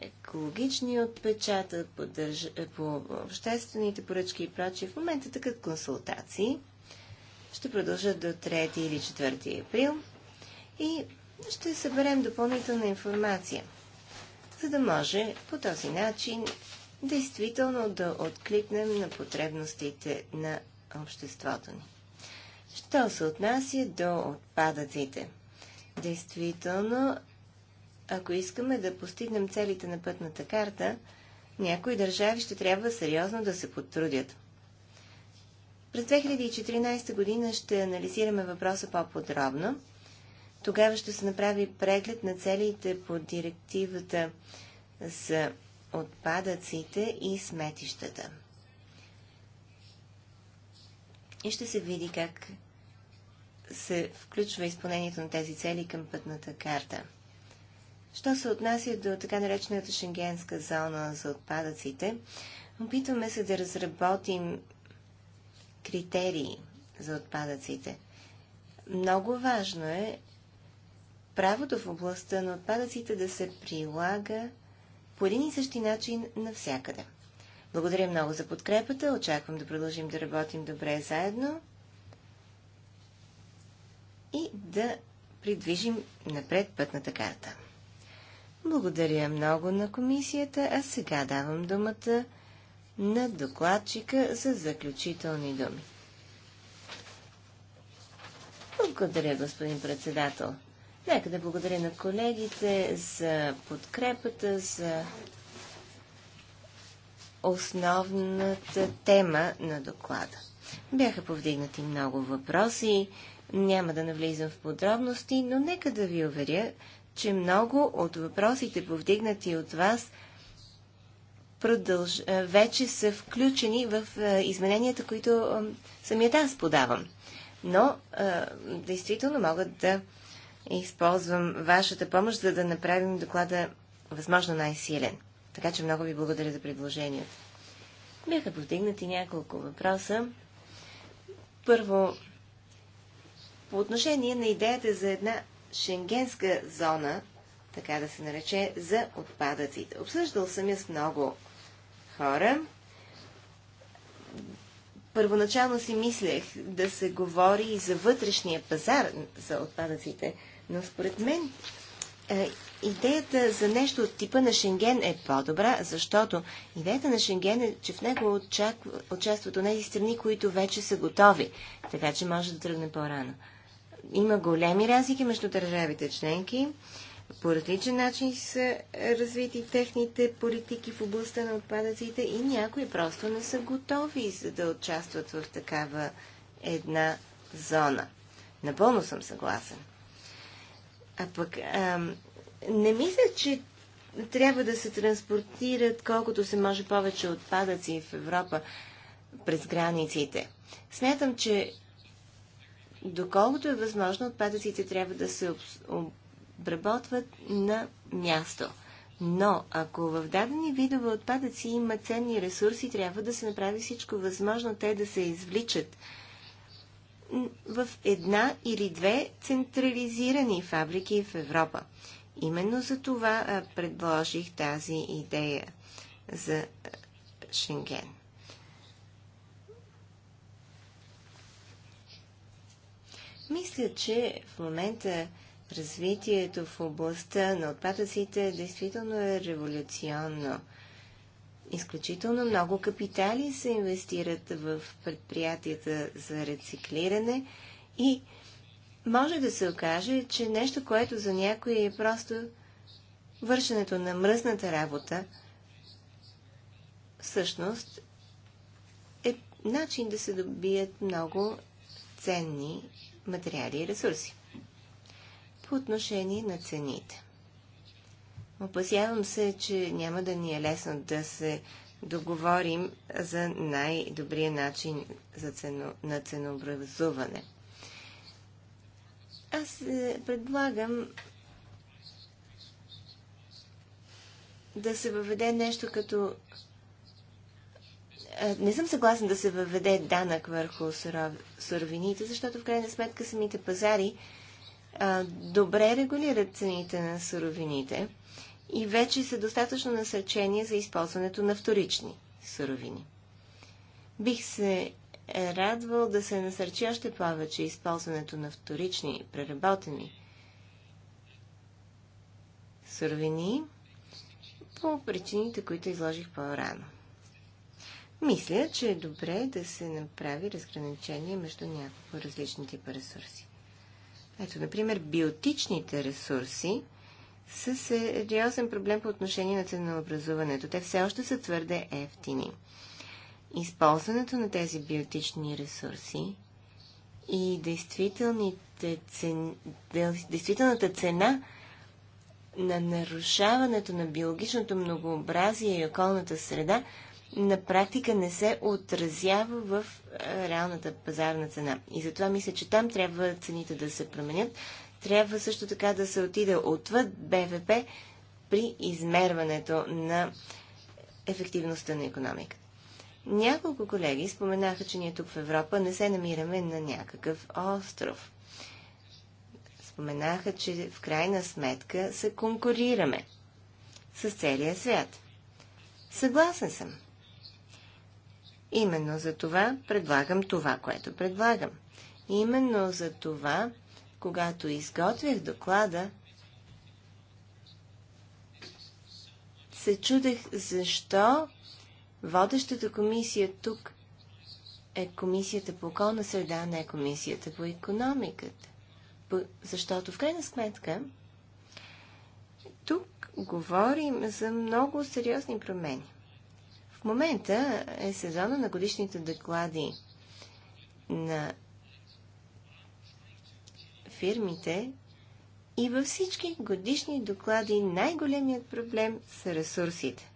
екологичния отпечатък, по, държ... Е, по обществените поръчки и прочие. В момента така консултации ще продължат до 3 или 4 април и ще съберем допълнителна информация, за да може по този начин действително да откликнем на потребностите на обществото ни. Що се отнася до отпадъците? Действително ако искаме да постигнем целите на пътната карта, някои държави ще трябва сериозно да се подтрудят. През 2014 година ще анализираме въпроса по-подробно. Тогава ще се направи преглед на целите по директивата за отпадъците и сметищата. И ще се види как се включва изпълнението на тези цели към пътната карта. Що се отнася до така наречената шенгенска зона за отпадъците, опитваме се да разработим критерии за отпадъците. Много важно е правото в областта на отпадъците да се прилага по един и същи начин навсякъде. Благодаря много за подкрепата. Очаквам да продължим да работим добре заедно и да придвижим напред пътната карта. Благодаря много на комисията, а сега давам думата на докладчика за заключителни думи. Благодаря, господин председател. Нека да благодаря на колегите за подкрепата, за основната тема на доклада. Бяха повдигнати много въпроси, няма да навлизам в подробности, но нека да ви уверя, че много от въпросите, повдигнати от вас, продълж... Е, вече са включени в е, измененията, които е, самият аз подавам. Но, действително, мога да използвам вашата помощ, за да направим доклада възможно най-силен. Така че много ви благодаря за предложението. Бяха повдигнати няколко въпроса. Първо, по отношение на идеята за една шенгенска зона, така да се нарече, за отпадъците. Обсъждал съм я с много хора. Първоначално си мислех да се говори и за вътрешния пазар за отпадъците, но според мен е, идеята за нещо от типа на Шенген е по-добра, защото идеята на Шенген е, че в него участват от тези страни, които вече са готови, така че може да тръгне по-рано има големи разлики между държавите членки. По различен начин са развити техните политики в областта на отпадъците и някои просто не са готови за да участват в такава една зона. Напълно съм съгласен. А пък ам, не мисля, че трябва да се транспортират колкото се може повече отпадъци в Европа през границите. Смятам, че Доколкото е възможно, отпадъците трябва да се обработват на място. Но ако в дадени видове отпадъци има ценни ресурси, трябва да се направи всичко възможно те да се извличат в една или две централизирани фабрики в Европа. Именно за това предложих тази идея за Шенген. Мисля, че в момента развитието в областта на отпадъците действително е революционно. Изключително много капитали се инвестират в предприятията за рециклиране и може да се окаже, че нещо, което за някои е просто вършенето на мръсната работа, всъщност е начин да се добият много ценни материали и ресурси. По отношение на цените. Опасявам се, че няма да ни е лесно да се договорим за най-добрия начин за цено, на ценообразуване. Аз е, предлагам да се въведе нещо като не съм съгласна да се въведе данък върху суровините, защото в крайна сметка самите пазари а, добре регулират цените на суровините и вече са достатъчно насърчение за използването на вторични суровини. Бих се е, радвал да се насърчи още повече използването на вторични преработени суровини по причините, които изложих по-рано. Мисля, че е добре да се направи разграничение между няколко различни типа ресурси. Ето, например, биотичните ресурси са сериозен проблем по отношение на ценообразуването. Те все още са твърде ефтини. Използването на тези биотични ресурси и цен... действителната цена на нарушаването на биологичното многообразие и околната среда – на практика не се отразява в е, реалната пазарна цена. И затова мисля, че там трябва цените да се променят. Трябва също така да се отиде отвъд БВП при измерването на ефективността на економиката. Няколко колеги споменаха, че ние тук в Европа не се намираме на някакъв остров. Споменаха, че в крайна сметка се конкурираме с целия свят. Съгласен съм. Именно за това предлагам това, което предлагам. Именно за това, когато изготвях доклада, се чудех защо водещата комисия тук е комисията по околна среда, не е комисията по економиката. Защото в крайна сметка тук говорим за много сериозни промени. В момента е сезона на годишните доклади на фирмите и във всички годишни доклади най-големият проблем са ресурсите.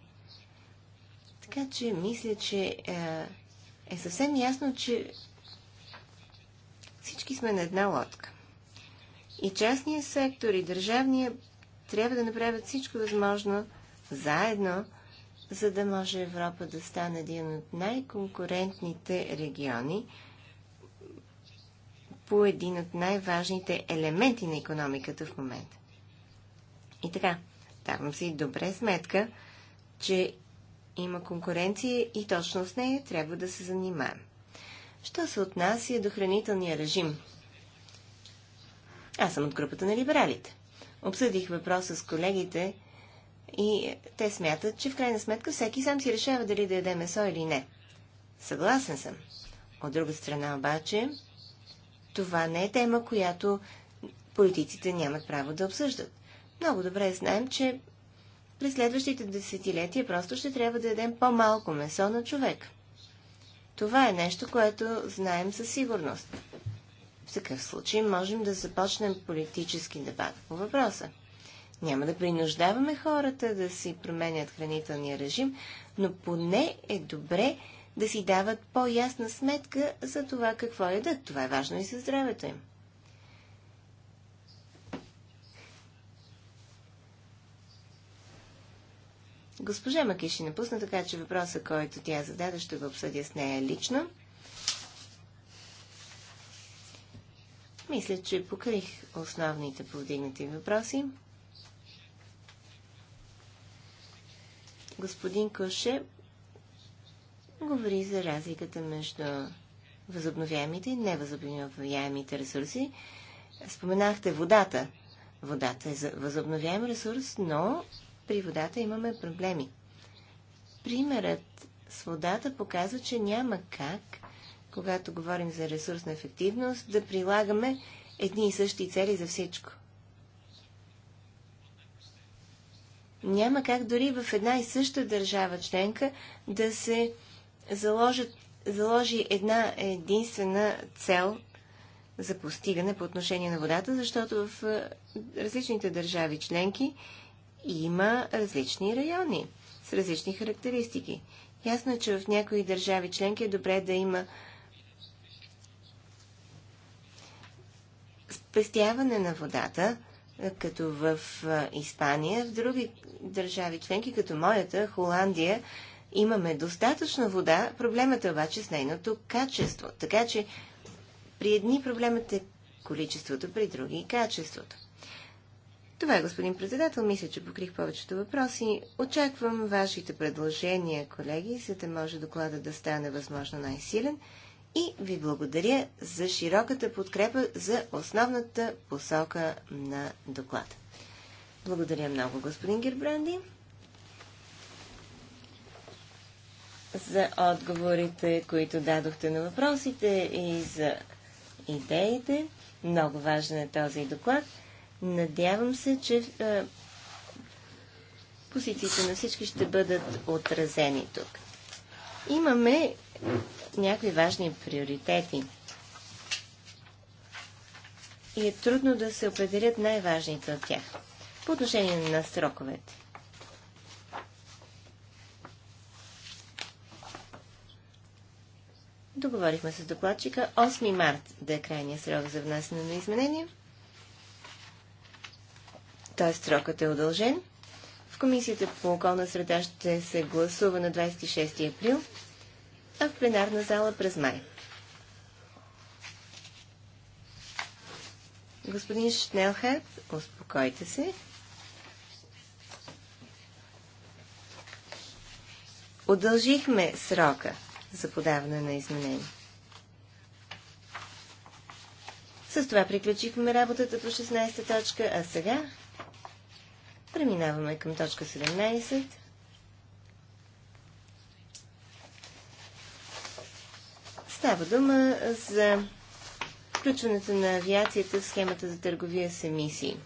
Така че мисля, че е, е съвсем ясно, че всички сме на една лодка. И частния сектор, и държавния трябва да направят всичко възможно заедно за да може Европа да стане един от най-конкурентните региони по един от най-важните елементи на економиката в момента. И така, давам си добре сметка, че има конкуренция и точно с нея трябва да се занимаем. Що се отнася до хранителния режим? Аз съм от групата на либералите. Обсъдих въпроса с колегите и те смятат, че в крайна сметка всеки сам си решава дали да яде месо или не. Съгласен съм. От друга страна обаче, това не е тема, която политиците нямат право да обсъждат. Много добре знаем, че през следващите десетилетия просто ще трябва да ядем по-малко месо на човек. Това е нещо, което знаем със сигурност. В такъв случай можем да започнем политически дебат по въпроса. Няма да принуждаваме хората да си променят хранителния режим, но поне е добре да си дават по-ясна сметка за това какво ядат. Това е важно и за здравето им. Госпожа Макиши напусна, така че въпроса, който тя зададе, ще го обсъдя с нея лично. Мисля, че покрих основните повдигнати въпроси. господин Коше говори за разликата между възобновяемите и невъзобновяемите ресурси. Споменахте водата. Водата е възобновяем ресурс, но при водата имаме проблеми. Примерът с водата показва, че няма как, когато говорим за ресурсна ефективност, да прилагаме едни и същи цели за всичко. Няма как дори в една и съща държава членка да се заложат, заложи една единствена цел за постигане по отношение на водата, защото в различните държави членки има различни райони с различни характеристики. Ясно е, че в някои държави членки е добре да има спестяване на водата, като в Испания, в други държави членки, като моята, Холандия, имаме достатъчно вода, проблемът е обаче с нейното качество. Така че при едни проблемът е количеството, при други качеството. Това е, господин председател. Мисля, че покрих повечето въпроси. Очаквам вашите предложения, колеги, за да може доклада да стане възможно най-силен и ви благодаря за широката подкрепа за основната посока на доклада. Благодаря много, господин Гербранди, за отговорите, които дадохте на въпросите и за идеите. Много важен е този доклад. Надявам се, че е, позициите на всички ще бъдат отразени тук. Имаме някои важни приоритети. И е трудно да се определят най-важните от тях. По отношение на сроковете. Договорихме с докладчика 8 март да е крайния срок за внасяне на изменения. Т.е. срокът е удължен. В Комисията по околна среда ще се гласува на 26 април а в пленарна зала през май. Господин Шнелхард, успокойте се. Удължихме срока за подаване на изменения. С това приключихме работата по 16 точка, а сега преминаваме към точка 17. Става дума за включването на авиацията в схемата за търговия с емисии.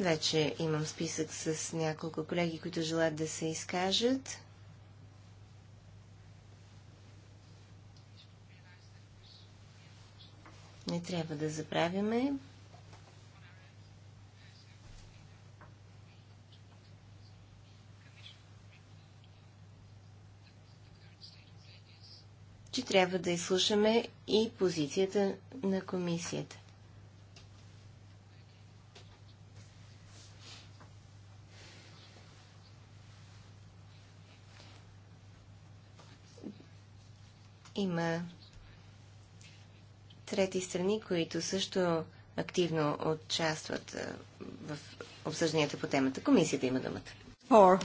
Вече имам списък с няколко колеги, които желаят да се изкажат. Не трябва да забравяме, че трябва да изслушаме и позицията на комисията. Има трети страни, които също активно участват в обсъжданията по темата. Комисията има думата.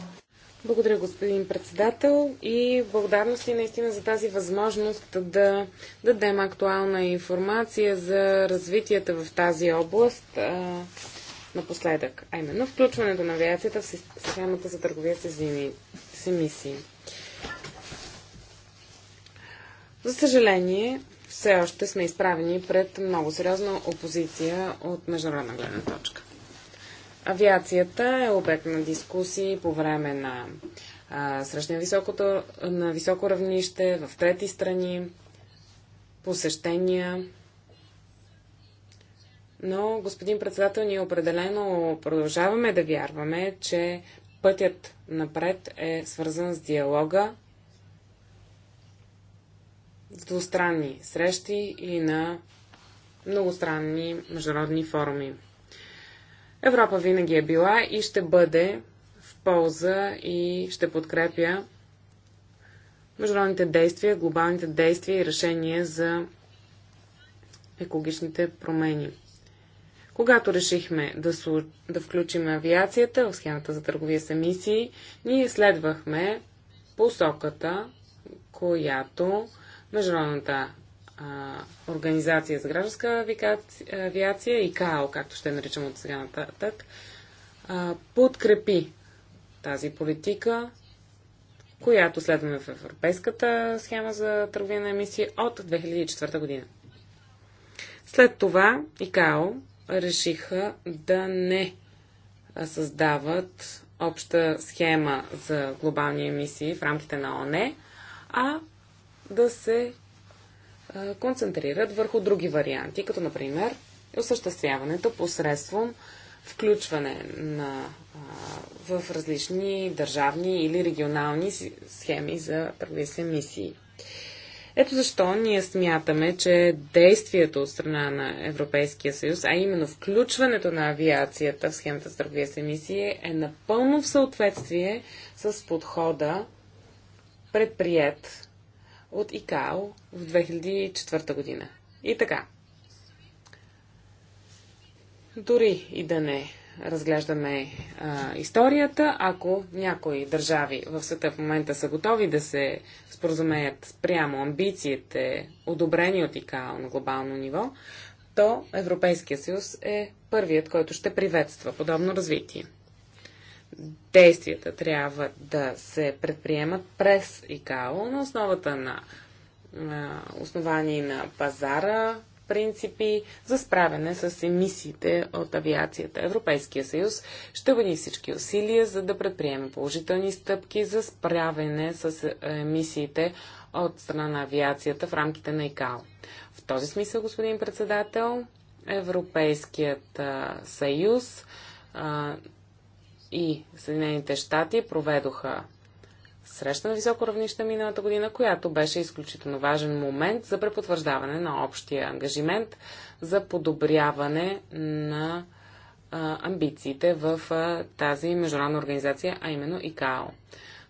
Благодаря, господин председател, и благодарности наистина за тази възможност да дадем актуална информация за развитията в тази област а, напоследък, а именно включването на авиацията в системата за търговия с емисии. За съжаление, все още сме изправени пред много сериозна опозиция от международна гледна точка. Авиацията е обект на дискусии по време на срещане на високо равнище, в трети страни, посещения. Но, господин председател, ние определено продължаваме да вярваме, че пътят напред е свързан с диалога, с двустранни срещи и на многостранни международни форуми. Европа винаги е била и ще бъде в полза и ще подкрепя международните действия, глобалните действия и решения за екологичните промени. Когато решихме да, су... да включим авиацията в схемата за търговия с емисии, ние следвахме посоката, която Международната Организация за гражданска авиация, ИКАО, както ще наричам от сега нататък, подкрепи тази политика, която следваме в Европейската схема за търговия на емисии от 2004 година. След това ИКАО решиха да не създават обща схема за глобални емисии в рамките на ОНЕ, а да се концентрират върху други варианти, като например осъществяването посредством включване на, в различни държавни или регионални схеми за търговия мисии. Ето защо ние смятаме, че действието от страна на Европейския съюз, а именно включването на авиацията в схемата за търговия с емисии, е напълно в съответствие с подхода предприят от ИКАО в 2004 година. И така. Дори и да не разглеждаме а, историята, ако някои държави в света в момента са готови да се споразумеят спрямо амбициите, одобрени от ИКАО на глобално ниво, то Европейския съюз е първият, който ще приветства подобно развитие действията трябва да се предприемат през ИКАО на основата на, основани основание на пазара, принципи за справяне с емисиите от авиацията. Европейския съюз ще бъде всички усилия, за да предприеме положителни стъпки за справяне с емисиите от страна на авиацията в рамките на ИКАО. В този смисъл, господин председател, Европейският съюз и Съединените щати проведоха среща на високо равнище миналата година, която беше изключително важен момент за препотвърждаване на общия ангажимент за подобряване на а, амбициите в а, тази международна организация, а именно ИКАО.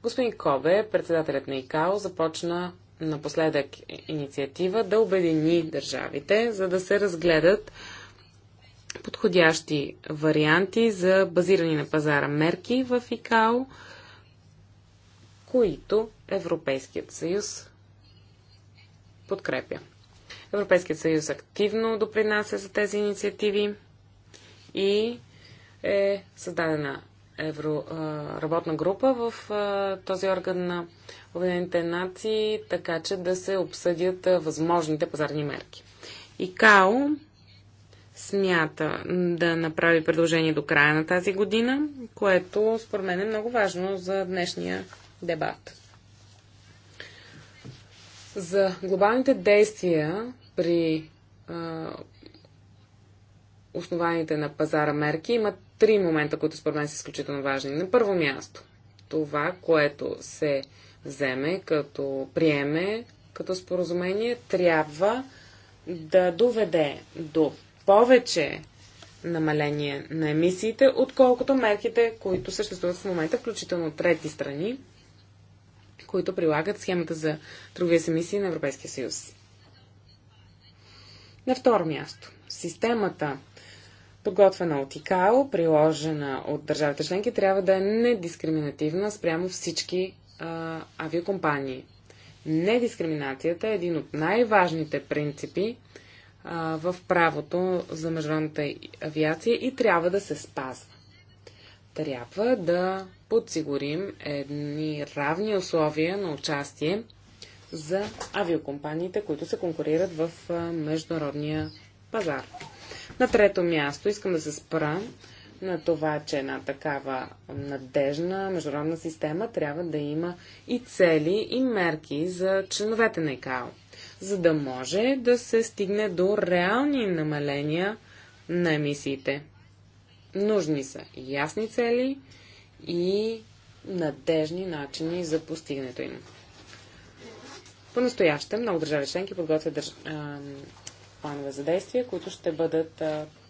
Господин Кобе, председателят на ИКАО, започна напоследък инициатива да обедини държавите, за да се разгледат подходящи варианти за базирани на пазара мерки в ИКАО, които Европейският съюз подкрепя. Европейският съюз активно допринася за тези инициативи и е създадена евро, работна група в този орган на Обединените нации, така че да се обсъдят възможните пазарни мерки. ИКАО смята да направи предложение до края на тази година, което според мен е много важно за днешния дебат. За глобалните действия при а, основаните на пазара мерки има три момента, които според мен са изключително важни. На първо място, това, което се вземе като приеме, като споразумение, трябва да доведе до повече намаление на емисиите, отколкото мерките, които съществуват в момента, включително от трети страни, които прилагат схемата за трудови с емисии на Европейския съюз. На второ място, системата, подготвена от ИКАО, приложена от държавите членки, трябва да е недискриминативна спрямо всички а, авиокомпании. Недискриминацията е един от най-важните принципи, в правото за международната авиация и трябва да се спазва. Трябва да подсигурим едни равни условия на участие за авиокомпаниите, които се конкурират в международния пазар. На трето място искам да се спра на това, че една такава надежна международна система трябва да има и цели и мерки за членовете на ИКАО за да може да се стигне до реални намаления на емисиите. Нужни са ясни цели и надежни начини за постигането им. По-настояще много държави членки подготвят държ... планове за действие, които ще бъдат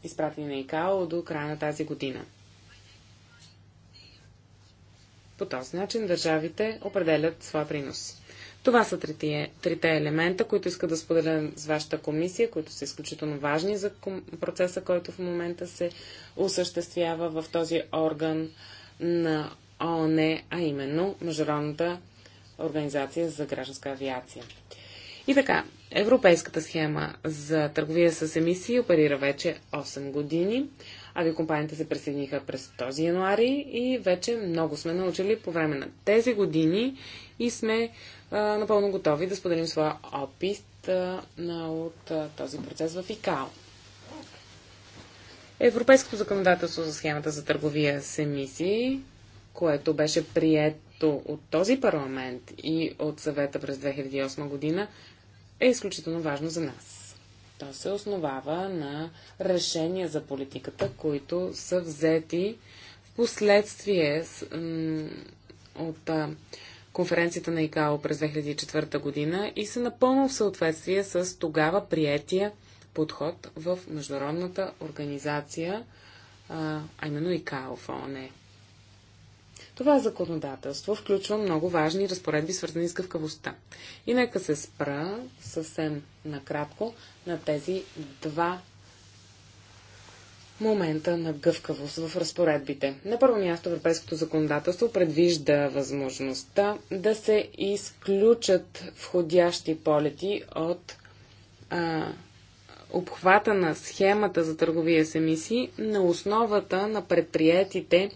изпратени на ИКАО до края на тази година. По този начин държавите определят своя принос. Това са трите, трите елемента, които иска да споделя с вашата комисия, които са изключително важни за процеса, който в момента се осъществява в този орган на ООН, а именно Международната организация за гражданска авиация. И така, европейската схема за търговия с емисии оперира вече 8 години. Авиокомпаниите се присъединиха през този януари и вече много сме научили по време на тези години и сме а, напълно готови да споделим своя опит а, на, от а, този процес в ИКАО. Европейското законодателство за схемата за търговия с емисии, което беше прието от този парламент и от съвета през 2008 година, е изключително важно за нас. То се основава на решения за политиката, които са взети в последствие от а, конференцията на ИКАО през 2004 година и са напълно в съответствие с тогава приятия подход в международната организация, а именно ИКАО в ООН. Това е законодателство включва много важни разпоредби, свързани с гъвкавостта. И нека се спра съвсем накратко на тези два момента на гъвкавост в разпоредбите. На първо място европейското законодателство предвижда възможността да се изключат входящи полети от а, обхвата на схемата за търговия с емисии на основата на предприятите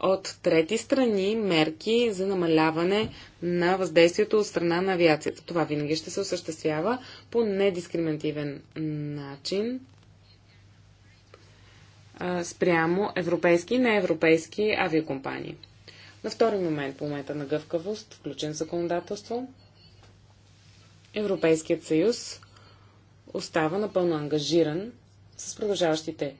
от трети страни мерки за намаляване на въздействието от страна на авиацията. Това винаги ще се осъществява по недискриминативен начин спрямо европейски и неевропейски авиокомпании. На втори момент, по момента на гъвкавост, включен в законодателство, Европейският съюз остава напълно ангажиран с продължаващите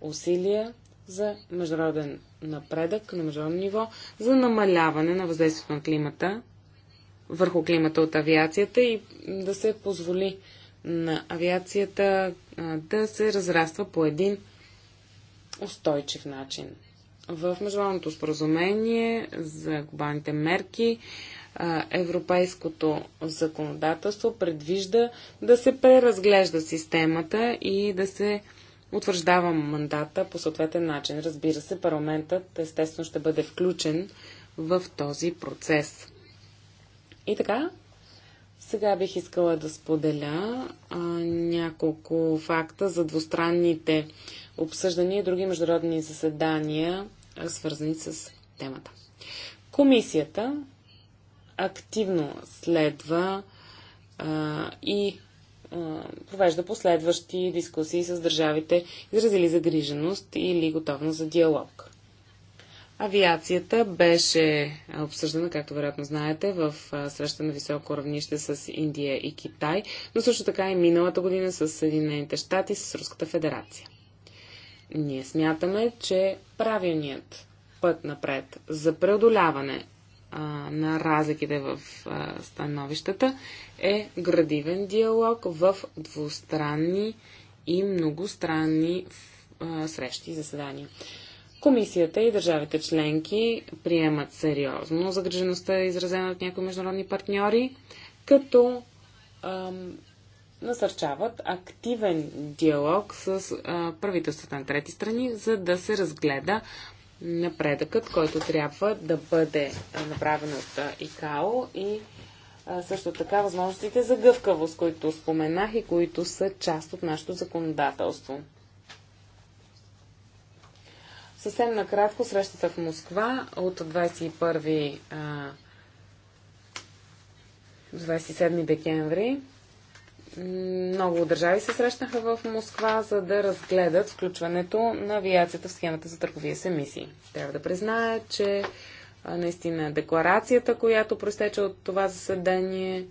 усилия за международен напредък на международно ниво, за намаляване на въздействието на климата върху климата от авиацията и да се позволи на авиацията да се разраства по един устойчив начин. В Международното споразумение за глобалните мерки европейското законодателство предвижда да се преразглежда системата и да се утвърждава мандата по съответен начин. Разбира се, парламентът естествено ще бъде включен в този процес. И така, сега бих искала да споделя а, няколко факта за двустранните обсъждания и други международни заседания, свързани с темата. Комисията активно следва а, и а, провежда последващи дискусии с държавите, изразили загриженост или готовност за диалог. Авиацията беше обсъждана, както вероятно знаете, в среща на високо равнище с Индия и Китай, но също така и миналата година с Съединените щати с Руската федерация. Ние смятаме, че правилният път напред за преодоляване а, на разликите в а, становищата е градивен диалог в двустранни и многостранни а, срещи и заседания. Комисията и държавите членки приемат сериозно загрижеността, изразена от някои международни партньори, като насърчават активен диалог с а, правителствата на трети страни, за да се разгледа напредъкът, който трябва да бъде направен от ИКАО и а, също така възможностите за гъвкавост, които споменах и които са част от нашето законодателство. Съвсем накратко срещата в Москва от 21 а, 27 декември много държави се срещнаха в Москва, за да разгледат включването на авиацията в схемата за търговия с емисии. Трябва да призная, че наистина декларацията, която простече от това заседание,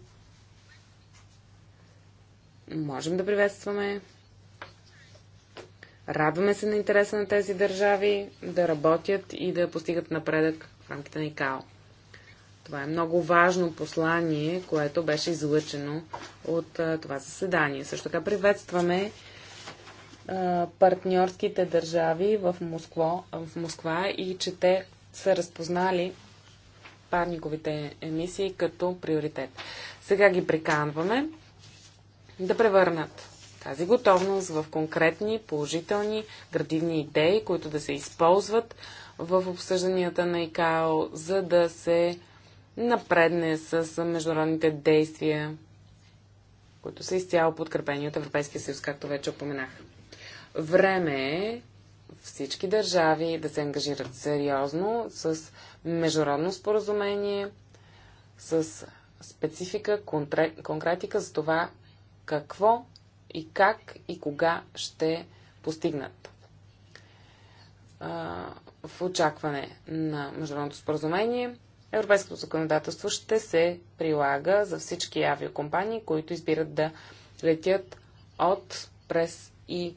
можем да приветстваме. Радваме се на интереса на тези държави да работят и да постигат напредък в рамките на ИКАО. Това е много важно послание, което беше излъчено от това заседание. Също така приветстваме партньорските държави в Москва, в Москва и че те са разпознали парниковите емисии като приоритет. Сега ги приканваме да превърнат тази готовност в конкретни, положителни, градивни идеи, които да се използват в обсъжданията на ИКАО, за да се напредне с международните действия, които са изцяло подкрепени от Европейския съюз, както вече опоменах. Време е всички държави да се ангажират сериозно с международно споразумение, с специфика, конкретика за това какво и как и кога ще постигнат. В очакване на международното споразумение Европейското законодателство ще се прилага за всички авиокомпании, които избират да летят от, през и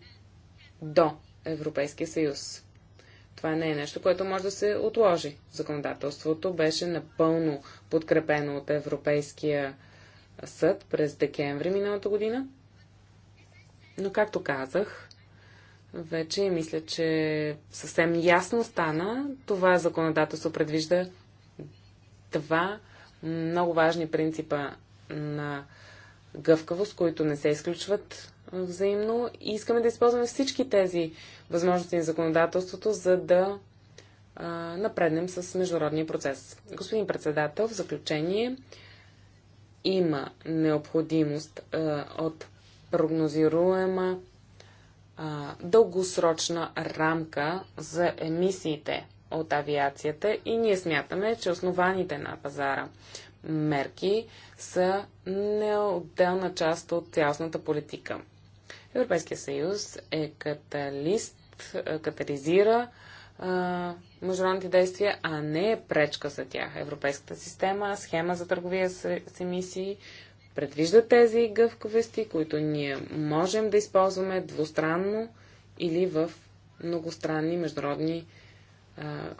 до Европейския съюз. Това не е нещо, което може да се отложи. Законодателството беше напълно подкрепено от Европейския съд през декември миналата година. Но, както казах, вече мисля, че съвсем ясно стана, това законодателство предвижда два много важни принципа на гъвкавост, които не се изключват взаимно. И искаме да използваме всички тези възможности на законодателството, за да а, напреднем с международния процес. Господин председател, в заключение има необходимост а, от прогнозируема а, дългосрочна рамка за емисиите от авиацията и ние смятаме, че основаните на пазара мерки са неотделна част от цялостната политика. Европейския съюз е каталист, е, катализира а, международните действия, а не е пречка за тях. Европейската система, схема за търговия с, с емисии предвижда тези гъвковести, които ние можем да използваме двустранно или в многостранни международни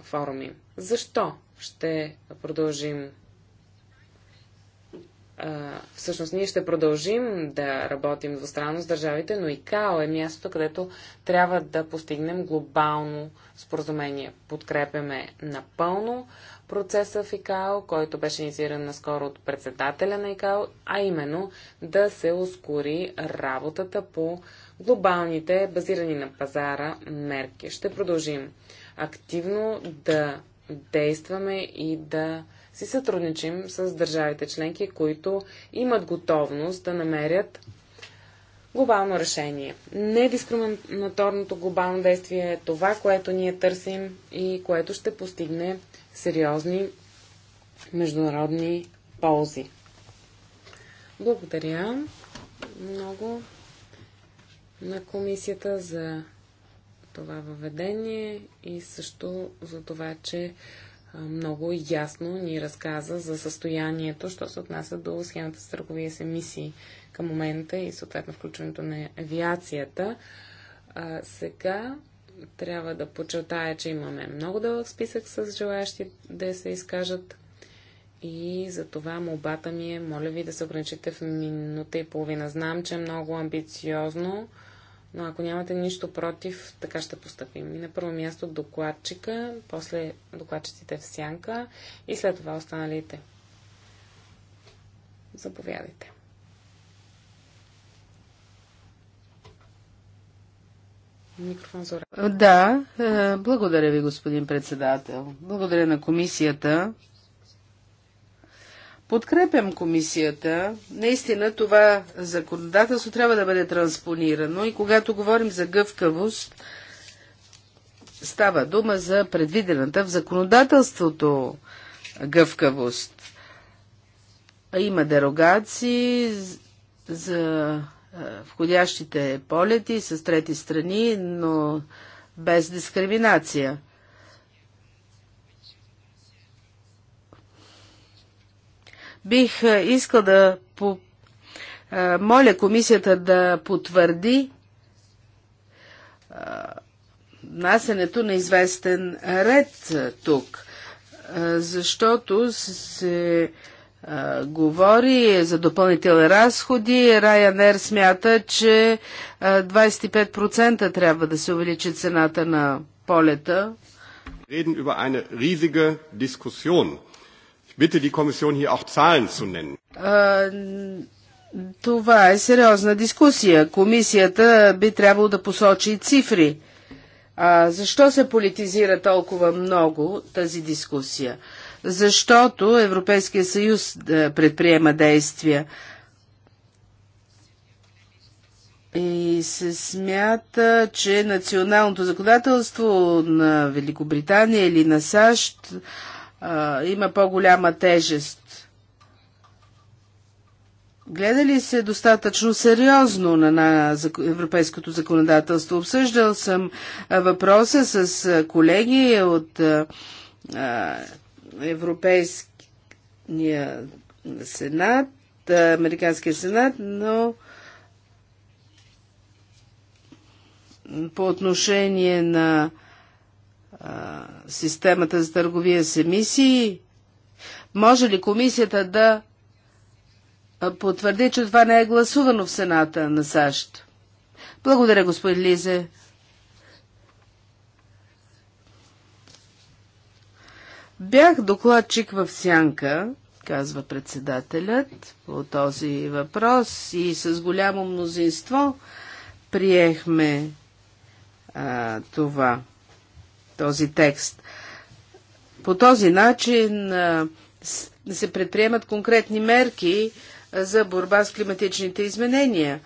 форуми. Защо ще продължим? А, всъщност ние ще продължим да работим двустранно с държавите, но ИКАО е мястото, където трябва да постигнем глобално споразумение. Подкрепяме напълно процеса в ИКАО, който беше иницииран наскоро от председателя на ИКАО, а именно да се ускори работата по глобалните, базирани на пазара мерки. Ще продължим активно да действаме и да си сътрудничим с държавите членки, които имат готовност да намерят глобално решение. Недискриминаторното глобално действие е това, което ние търсим и което ще постигне сериозни международни ползи. Благодаря много на комисията за това въведение и също за това, че много ясно ни разказа за състоянието, що се отнася до схемата с търговия с емисии към момента и съответно включването на авиацията. А, сега трябва да подчертая, че имаме много дълъг списък с желаящи да се изкажат и за това молбата ми е, моля ви да се ограничите в минута и половина. Знам, че е много амбициозно но ако нямате нищо против, така ще поступим. И на първо място докладчика, после докладчиците в сянка и след това останалите. Заповядайте. Микрофон за Да, е, благодаря ви, господин председател. Благодаря на комисията Подкрепям комисията. Наистина това законодателство трябва да бъде транспонирано и когато говорим за гъвкавост, става дума за предвидената в законодателството гъвкавост. Има дерогации за входящите полети с трети страни, но без дискриминация. Бих е, искал да по... Е, моля комисията да потвърди е, внасянето на известен ред тук, защото се говори за допълнителни разходи. Ryanair смята, че 25% трябва да се увеличи цената на полета. Reden über eine riesige bitte die Kommission hier auch Zahlen zu nennen. Това е сериозна дискусия. Комисията би трябвало да посочи цифри. А, защо се политизира толкова много тази дискусия? Защото Европейския съюз да е, предприема действия. И се смята, че националното законодателство на Великобритания или на САЩ има по-голяма тежест. Гледали се достатъчно сериозно на, на европейското законодателство? Обсъждал съм въпроса с колеги от а, Европейския сенат, Американския сенат, но по отношение на системата за търговия с емисии. Може ли комисията да потвърди, че това не е гласувано в Сената на САЩ? Благодаря, господин Лизе. Бях докладчик в Сянка, казва председателят, по този въпрос и с голямо мнозинство приехме а, това този текст. По този начин се предприемат конкретни мерки за борба с климатичните изменения.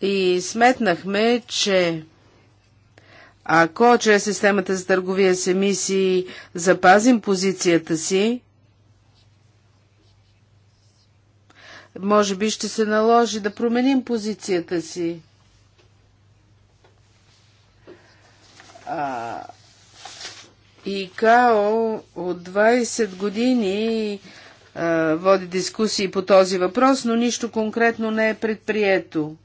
И сметнахме, че ако чрез системата за търговия с емисии запазим позицията си, може би ще се наложи да променим позицията си. А, Као от 20 години а, води дискусии по този въпрос, но нищо конкретно не е предприето.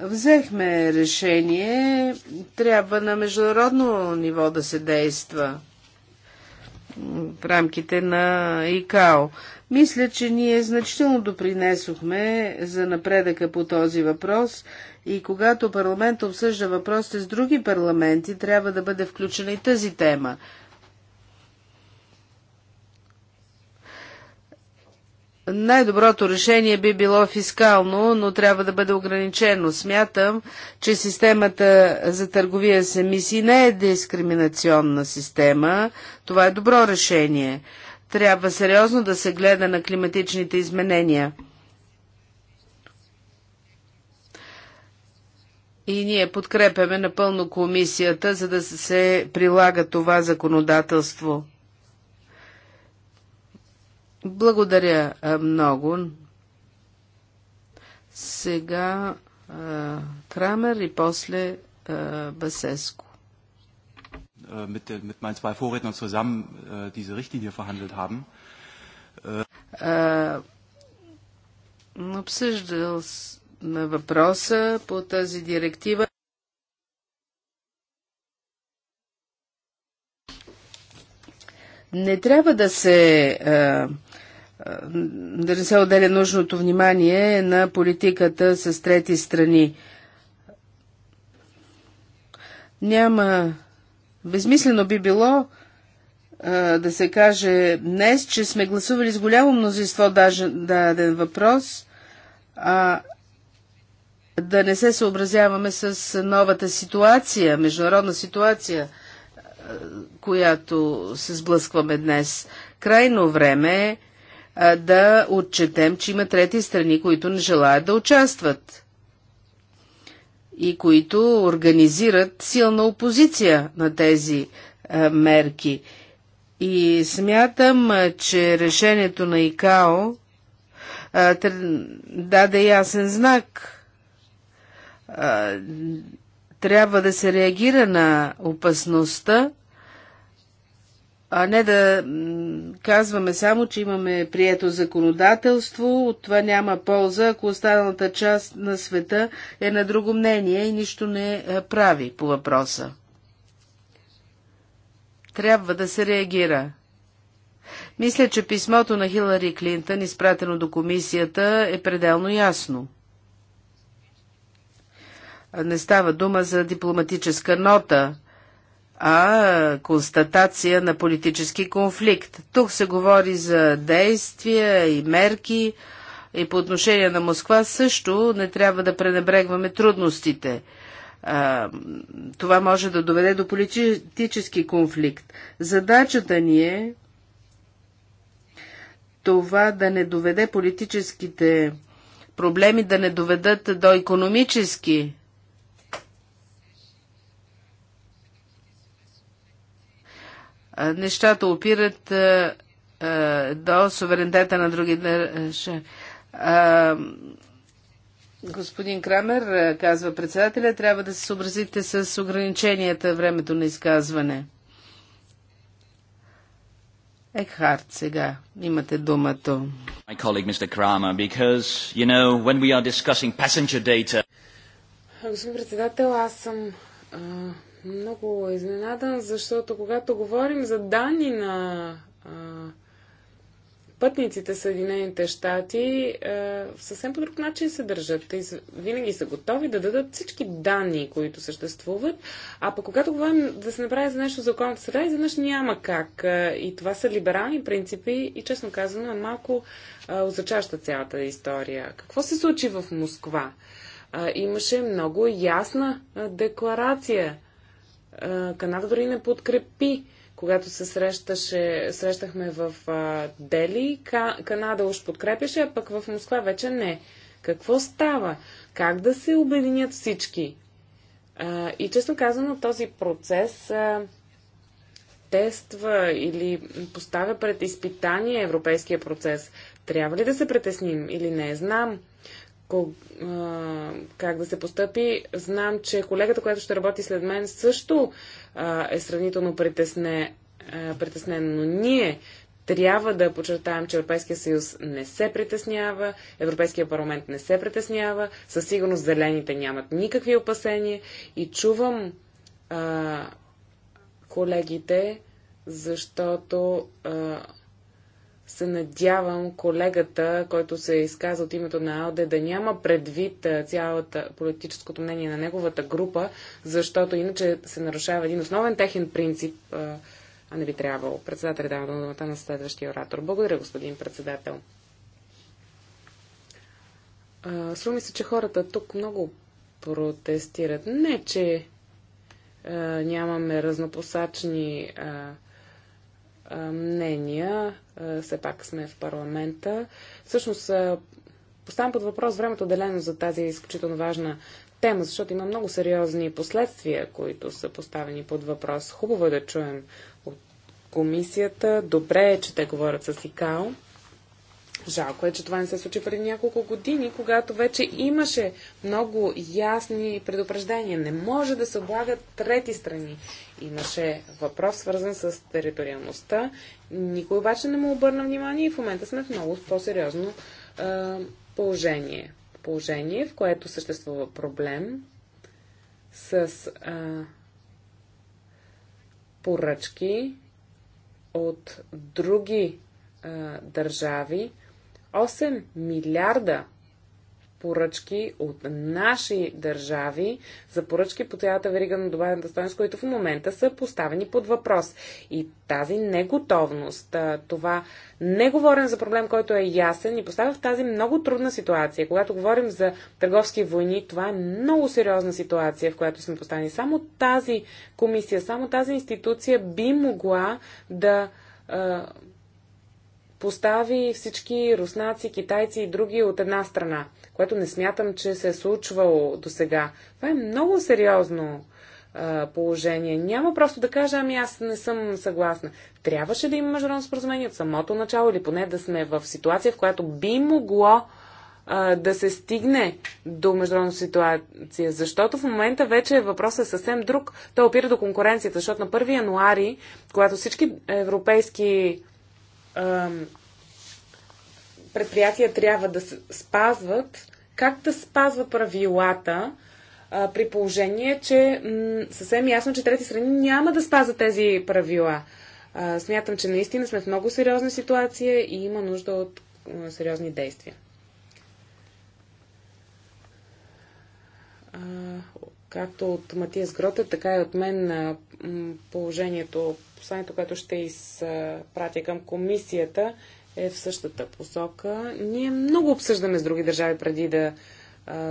Взехме решение, трябва на международно ниво да се действа в рамките на ИКАО. Мисля, че ние значително допринесохме за напредъка по този въпрос и когато парламент обсъжда въпросите с други парламенти, трябва да бъде включена и тази тема. Най-доброто решение би било фискално, но трябва да бъде ограничено. Смятам, че системата за търговия с емисии не е дискриминационна система. Това е добро решение. Трябва сериозно да се гледа на климатичните изменения. И ние подкрепяме напълно комисията, за да се прилага това законодателство. Благодаря много. Сега а, Крамер и после а, Басеско. Äh, mit, mit meinen zwei Vorrednern zusammen äh, diese Richtlinie verhandelt haben. Äh, обсъждал на въпроса по тази директива. Не трябва да се да не се отделя нужното внимание на политиката с трети страни. Няма. Безмислено би било да се каже днес, че сме гласували с голямо мнозинство даже даден въпрос, а да не се съобразяваме с новата ситуация, международна ситуация, която се сблъскваме днес. Крайно време е да отчетем, че има трети страни, които не желаят да участват и които организират силна опозиция на тези мерки. И смятам, че решението на ИКАО даде ясен знак. Трябва да се реагира на опасността а не да казваме само, че имаме прието законодателство, от това няма полза, ако останалата част на света е на друго мнение и нищо не е, прави по въпроса. Трябва да се реагира. Мисля, че писмото на Хилари Клинтън, изпратено до комисията, е пределно ясно. Не става дума за дипломатическа нота а констатация на политически конфликт. Тук се говори за действия и мерки и по отношение на Москва също не трябва да пренебрегваме трудностите. А, това може да доведе до политически конфликт. Задачата ни е това да не доведе политическите проблеми, да не доведат до економически нещата опират до суверенитета на други държави. Господин Крамер, казва председателя, трябва да се съобразите с ограниченията времето на изказване. Екхарт, сега имате думато. Kramer, because, you know, data... Господин председател, аз съм много изненадан, защото когато говорим за данни на а, пътниците Съединените щати, е, съвсем по друг начин се държат. Те винаги са готови да дадат всички данни, които съществуват. А пък когато говорим да се направи за нещо за околната среда, изведнъж няма как. Е, и това са либерални принципи и честно казано е малко е, озачаща цялата история. Какво се случи в Москва? Имаше много ясна декларация е, Канада дори не подкрепи. Когато се срещаше, срещахме в Дели, Канада уж подкрепяше, а пък в Москва вече не. Какво става? Как да се обединят всички? И честно казано, този процес тества или поставя пред изпитание европейския процес. Трябва ли да се притесним или не? Знам как да се постъпи. Знам, че колегата, която ще работи след мен, също е сравнително притесне, притеснен, но ние трябва да подчертаем, че Европейския съюз не се притеснява, Европейския парламент не се притеснява, със сигурност зелените нямат никакви опасения и чувам а, колегите, защото а, се надявам колегата, който се изказа от името на АЛДЕ, да няма предвид цялата политическото мнение на неговата група, защото иначе се нарушава един основен техен принцип, а не би трябвало. Председателя дава думата на следващия оратор. Благодаря, господин председател. Сруми се, че хората тук много протестират. Не, че а, нямаме разнопосачни а, мнения, все пак сме в парламента. Всъщност, поставям под въпрос времето отделено за тази изключително важна тема, защото има много сериозни последствия, които са поставени под въпрос. Хубаво е да чуем от комисията. Добре е, че те говорят с ИКАО. Жалко е, че това не се случи преди няколко години, когато вече имаше много ясни предупреждения. Не може да се облагат трети страни. Имаше въпрос, свързан с териториалността. Никой обаче не му обърна внимание и в момента сме в много по-сериозно е, положение. Положение, в което съществува проблем с е, поръчки от други държави, 8 милиарда поръчки от наши държави за поръчки по цялата верига на добавената стоеност, които в момента са поставени под въпрос. И тази неготовност, това не говорим за проблем, който е ясен и поставя в тази много трудна ситуация. Когато говорим за търговски войни, това е много сериозна ситуация, в която сме поставени. Само тази комисия, само тази институция би могла да постави всички руснаци, китайци и други от една страна, което не смятам, че се е случвало до сега. Това е много сериозно положение. Няма просто да кажа, ами аз не съм съгласна. Трябваше да има международно споразумение от самото начало или поне да сме в ситуация, в която би могло а, да се стигне до международна ситуация, защото в момента вече въпросът е съвсем друг. Той опира до конкуренцията, защото на 1 януари, когато всички европейски предприятия трябва да спазват, как да спазват правилата, при положение, че съвсем ясно, че трети страни няма да спазват тези правила. смятам, че наистина сме в много сериозна ситуация и има нужда от сериозни действия. както от Матиас Грота, така и от мен положението посланието, което ще изпратя към комисията, е в същата посока. Ние много обсъждаме с други държави преди да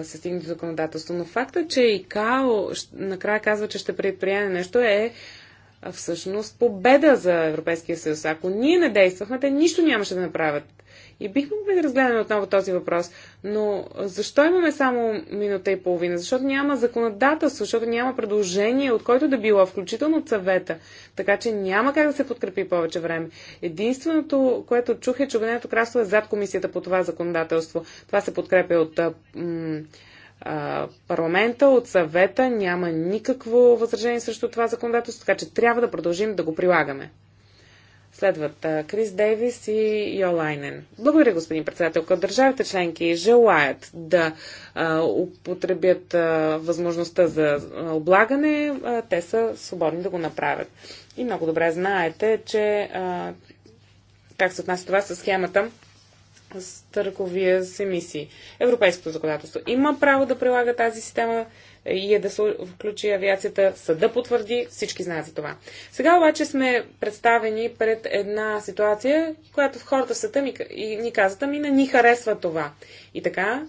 се стигне до законодателство, но факта, че ИКАО накрая казва, че ще предприеме нещо е всъщност победа за Европейския съюз. Ако ние не действахме, те нищо нямаше да направят. И бихме могли да разгледаме отново този въпрос. Но защо имаме само минута и половина? Защото няма законодателство, защото няма предложение, от който да било, включително от съвета. Така че няма как да се подкрепи повече време. Единственото, което чух е, че Обединеното кралство е зад комисията по това законодателство. Това се подкрепя от парламента, от съвета няма никакво възражение срещу това законодателство, така че трябва да продължим да го прилагаме. Следват Крис Дейвис и Йолайнен. Благодаря, господин председател. Като държавите членки желаят да а, употребят а, възможността за облагане, а, те са свободни да го направят. И много добре знаете, че а, как се отнася това с схемата с търговия с емисии. Европейското законодателство има право да прилага тази система и е да се включи авиацията. Съда потвърди, всички знаят за това. Сега обаче сме представени пред една ситуация, която в хората в света ми, и ни казват, ами не ни харесва това. И така,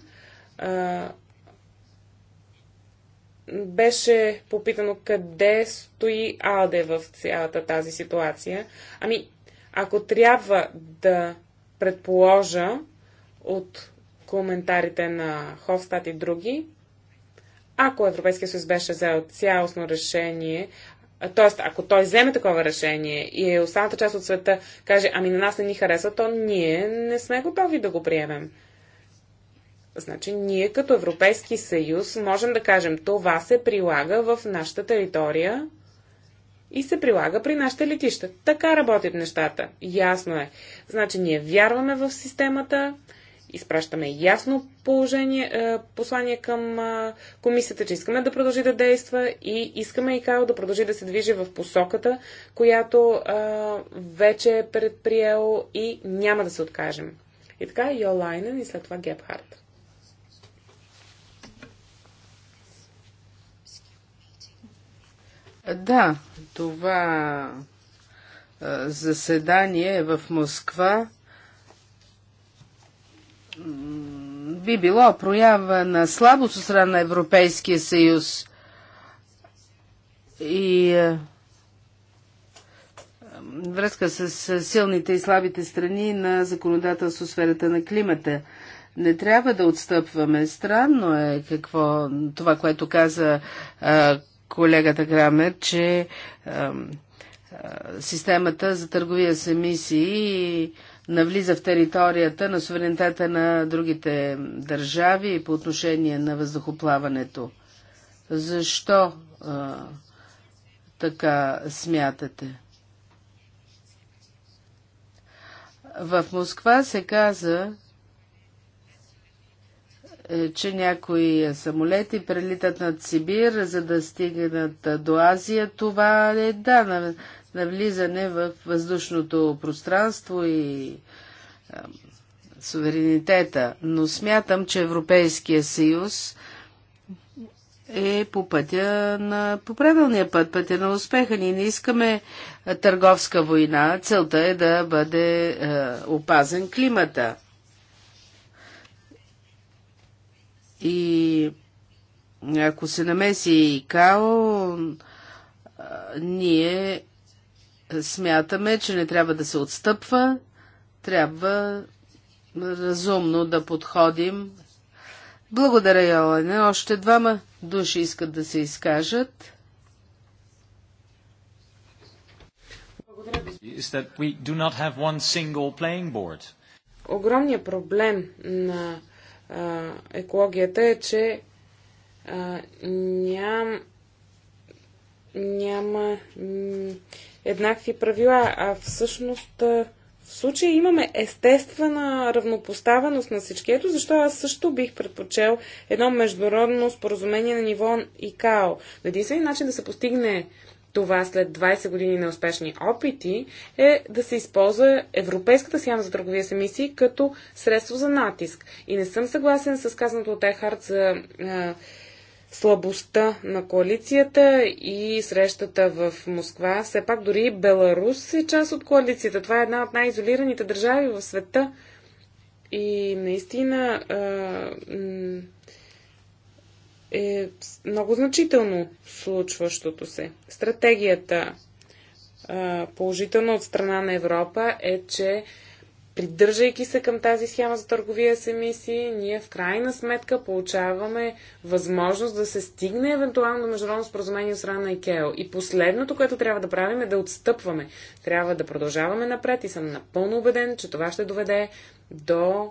а, беше попитано къде стои Алде в цялата тази ситуация. Ами, ако трябва да предположа от коментарите на Ховстат и други, ако Европейския съюз беше взел цялостно решение, т.е. ако той вземе такова решение и е останата част от света каже, ами на нас не ни харесва, то ние не сме готови да го приемем. Значи ние като Европейски съюз можем да кажем, това се прилага в нашата територия и се прилага при нашите летища. Така работят нещата. Ясно е. Значи ние вярваме в системата, изпращаме ясно положение, е, послание към е, комисията, че искаме да продължи да действа и искаме ИКАО да продължи да се движи в посоката, която е, вече е предприел и няма да се откажем. И така Йолайнен и след това Гепхарт. Да, това е, заседание е в Москва би било проява на слабост от страна на Европейския съюз. И е, връзка с силните и слабите страни на законодателство в сферата на климата. Не трябва да отстъпваме. Странно е какво това, което каза а, е, колегата Крамер, че а, е, системата за търговия с емисии и навлиза в територията на суверенитета на другите държави и по отношение на въздухоплаването. Защо а, така смятате? В Москва се каза, е, че някои самолети прелитат над Сибир, за да стигнат до Азия. Това е да, навлизане в въздушното пространство и е, суверенитета, но смятам, че Европейския съюз е по пътя на по правилния път, пътя на успеха. Ние не искаме търговска война. Целта е да бъде е, опазен климата. И ако се намеси и КАО, ние смятаме, че не трябва да се отстъпва, трябва разумно да подходим. Благодаря, Йолене. Още двама души искат да се изкажат. Огромният проблем на а, екологията е, че а, ням, няма еднакви правила, а всъщност в случая имаме естествена равнопоставеност на всички. Ето защо аз също бих предпочел едно международно споразумение на ниво ИКАО. Единственият начин да се постигне това след 20 години на успешни опити е да се използва Европейската схема за търговия с емисии като средство за натиск. И не съм съгласен с казаното от Ехард за слабостта на коалицията и срещата в Москва. Все пак дори Беларус е част от коалицията. Това е една от най-изолираните държави в света. И наистина е много значително случващото се. Стратегията положителна от страна на Европа е, че придържайки се към тази схема за търговия с емисии, ние в крайна сметка получаваме възможност да се стигне евентуално до международно споразумение от страна на ИКЕО. И последното, което трябва да правим е да отстъпваме. Трябва да продължаваме напред и съм напълно убеден, че това ще доведе до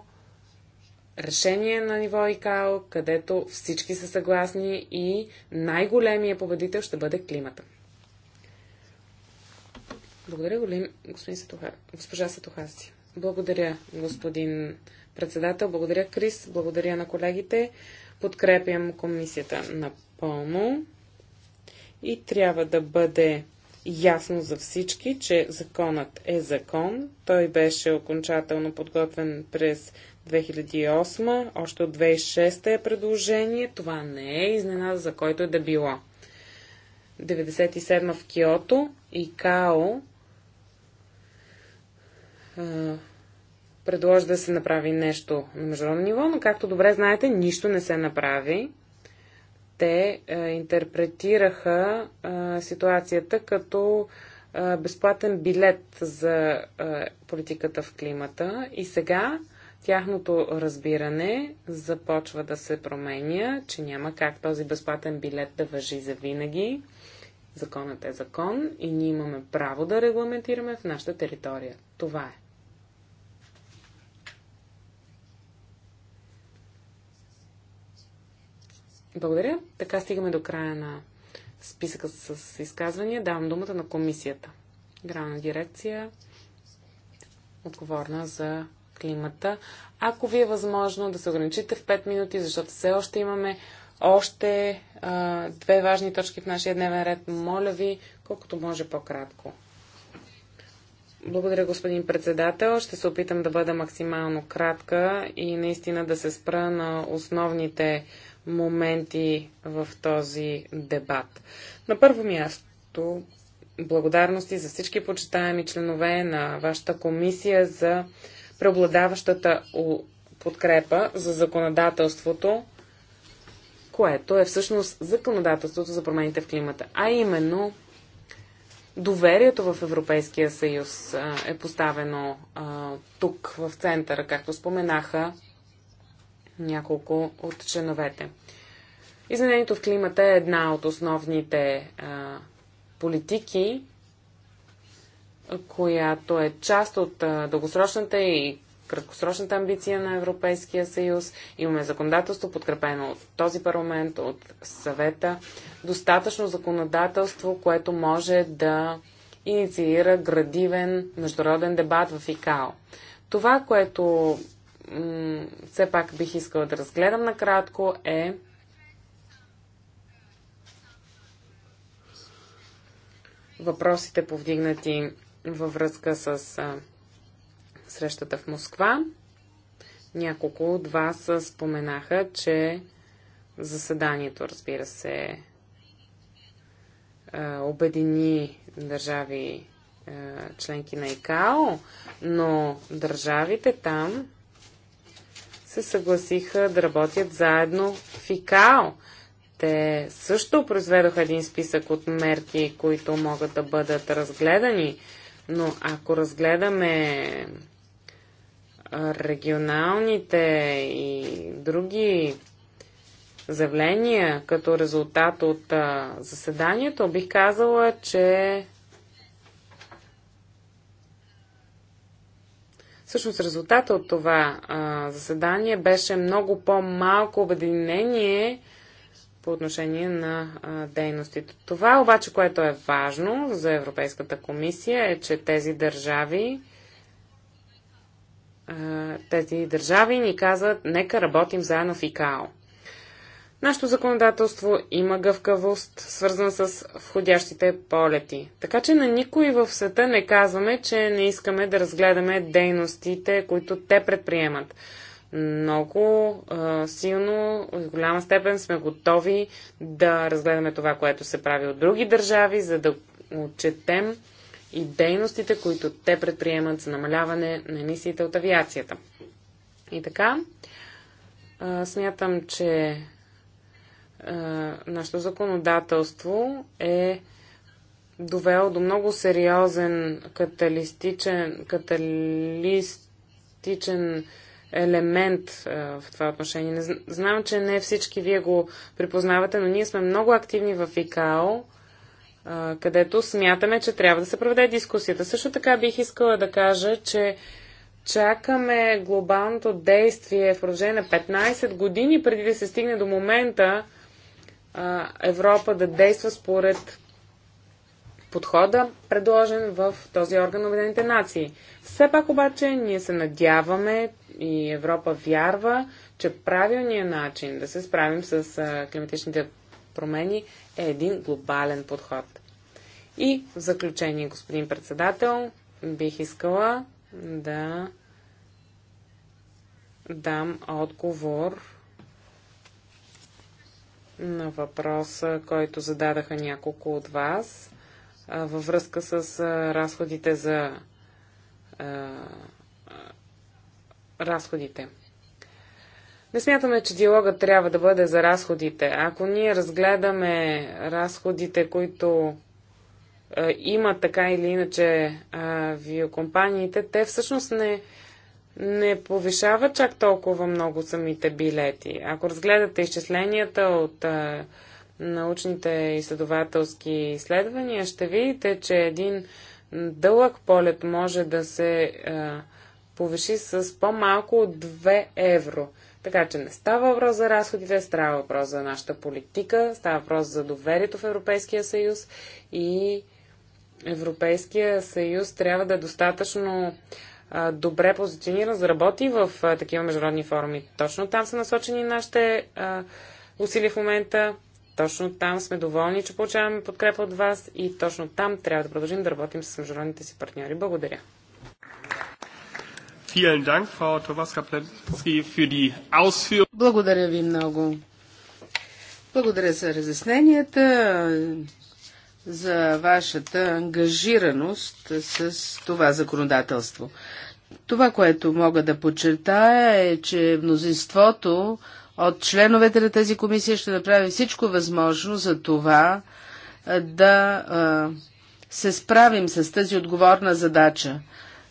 решение на ниво ИКАО, където всички са съгласни и най-големия победител ще бъде климата. Благодаря, господин Сатуха, госпожа Сатухасти. Благодаря, господин председател. Благодаря, Крис. Благодаря на колегите. Подкрепям комисията напълно. И трябва да бъде ясно за всички, че законът е закон. Той беше окончателно подготвен през 2008, още от 2006 е предложение. Това не е изненада за който е да било. 97 в Киото и КАО предложи да се направи нещо на международно ниво, но както добре знаете, нищо не се направи. Те а, интерпретираха а, ситуацията като а, безплатен билет за а, политиката в климата и сега тяхното разбиране започва да се променя, че няма как този безплатен билет да въжи за винаги. Законът е закон и ние имаме право да регламентираме в нашата територия. Това е. Благодаря. Така стигаме до края на списъка с изказвания. Давам думата на комисията. Грана дирекция, отговорна за климата. Ако ви е възможно да се ограничите в 5 минути, защото все още имаме още а, две важни точки в нашия дневен ред, моля ви, колкото може по-кратко. Благодаря, господин председател. Ще се опитам да бъда максимално кратка и наистина да се спра на основните моменти в този дебат. На първо място, благодарности за всички почитаеми членове на вашата комисия за преобладаващата подкрепа за законодателството, което е всъщност законодателството за промените в климата, а именно доверието в Европейския съюз е поставено тук в центъра, както споменаха няколко от членовете. Изменението в климата е една от основните а, политики, която е част от а, дългосрочната и краткосрочната амбиция на Европейския съюз. Имаме законодателство, подкрепено от този парламент, от съвета. Достатъчно законодателство, което може да инициира градивен международен дебат в ИКАО. Това, което все пак бих искала да разгледам накратко е въпросите повдигнати във връзка с а, срещата в Москва. Няколко от вас споменаха, че заседанието, разбира се, а, обедини държави членки на ИКАО, но държавите там се съгласиха да работят заедно в ИКАО. Те също произведоха един списък от мерки, които могат да бъдат разгледани, но ако разгледаме регионалните и други заявления като резултат от заседанието, бих казала, че Всъщност резултата от това а, заседание беше много по-малко обединение по отношение на а, дейностите. Това обаче, което е важно за Европейската комисия е, че тези държави а, тези държави ни казват, нека работим заедно в ИКАО. Нашето законодателство има гъвкавост, свързан с входящите полети. Така че на никой в света не казваме, че не искаме да разгледаме дейностите, които те предприемат. Много а, силно, в голяма степен сме готови да разгледаме това, което се прави от други държави, за да отчетем и дейностите, които те предприемат за намаляване на емисиите от авиацията. И така, а, смятам, че е, нашето законодателство е довело до много сериозен каталистичен, каталистичен елемент а, е, в това отношение. знам, че не всички вие го припознавате, но ние сме много активни в ИКАО, а, е, където смятаме, че трябва да се проведе дискусията. Също така бих искала да кажа, че чакаме глобалното действие в продължение на 15 години преди да се стигне до момента, Европа да действа според подхода, предложен в този орган на Обединените нации. Все пак обаче ние се надяваме и Европа вярва, че правилният начин да се справим с климатичните промени е един глобален подход. И в заключение, господин председател, бих искала да дам отговор на въпроса, който зададаха няколко от вас във връзка с разходите за разходите. Не смятаме, че диалогът трябва да бъде за разходите. Ако ние разгледаме разходите, които имат така или иначе авиокомпаниите, те всъщност не не повишава чак толкова много самите билети. Ако разгледате изчисленията от а, научните изследователски изследвания, ще видите, че един дълъг полет може да се а, повиши с по-малко от 2 евро. Така че не става въпрос за разходите, става въпрос за нашата политика, става въпрос за доверието в Европейския съюз и Европейския съюз трябва да е достатъчно добре позициониран, за работи в такива международни форуми. Точно там са насочени нашите усилия в момента. Точно там сме доволни, че получаваме подкрепа от вас и точно там трябва да продължим да работим с международните си партньори. Благодаря. Благодаря ви много. Благодаря за разясненията за вашата ангажираност с това законодателство. Това, което мога да подчертая е, че мнозинството от членовете на тази комисия ще направи всичко възможно за това да се справим с тази отговорна задача.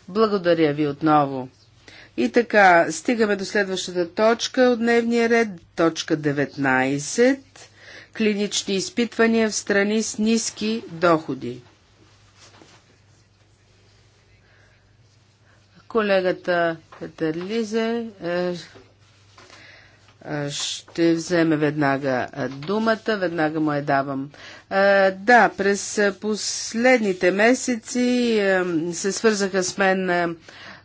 Благодаря ви отново. И така, стигаме до следващата точка от дневния ред, точка 19 клинични изпитвания в страни с ниски доходи. Колегата Петър Лизе е, е, ще вземе веднага думата, веднага му я давам. Е, да, през последните месеци се свързаха с мен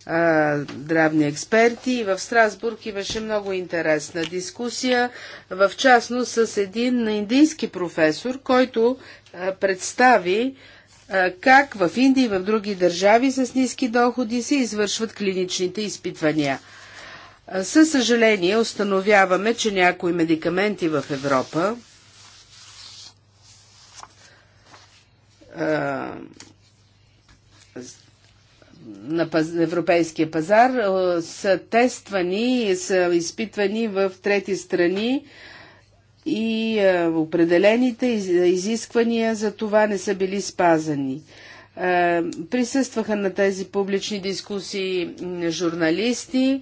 а, здравни експерти. в Страсбург имаше много интересна дискусия, в частност с един индийски професор, който а, представи а, как в Индия и в други държави с ниски доходи се извършват клиничните изпитвания. Със съжаление установяваме, че някои медикаменти в Европа на европейския пазар е, са тествани и са изпитвани в трети страни и е, определените изисквания за това не са били спазани. Е, присъстваха на тези публични дискусии журналисти,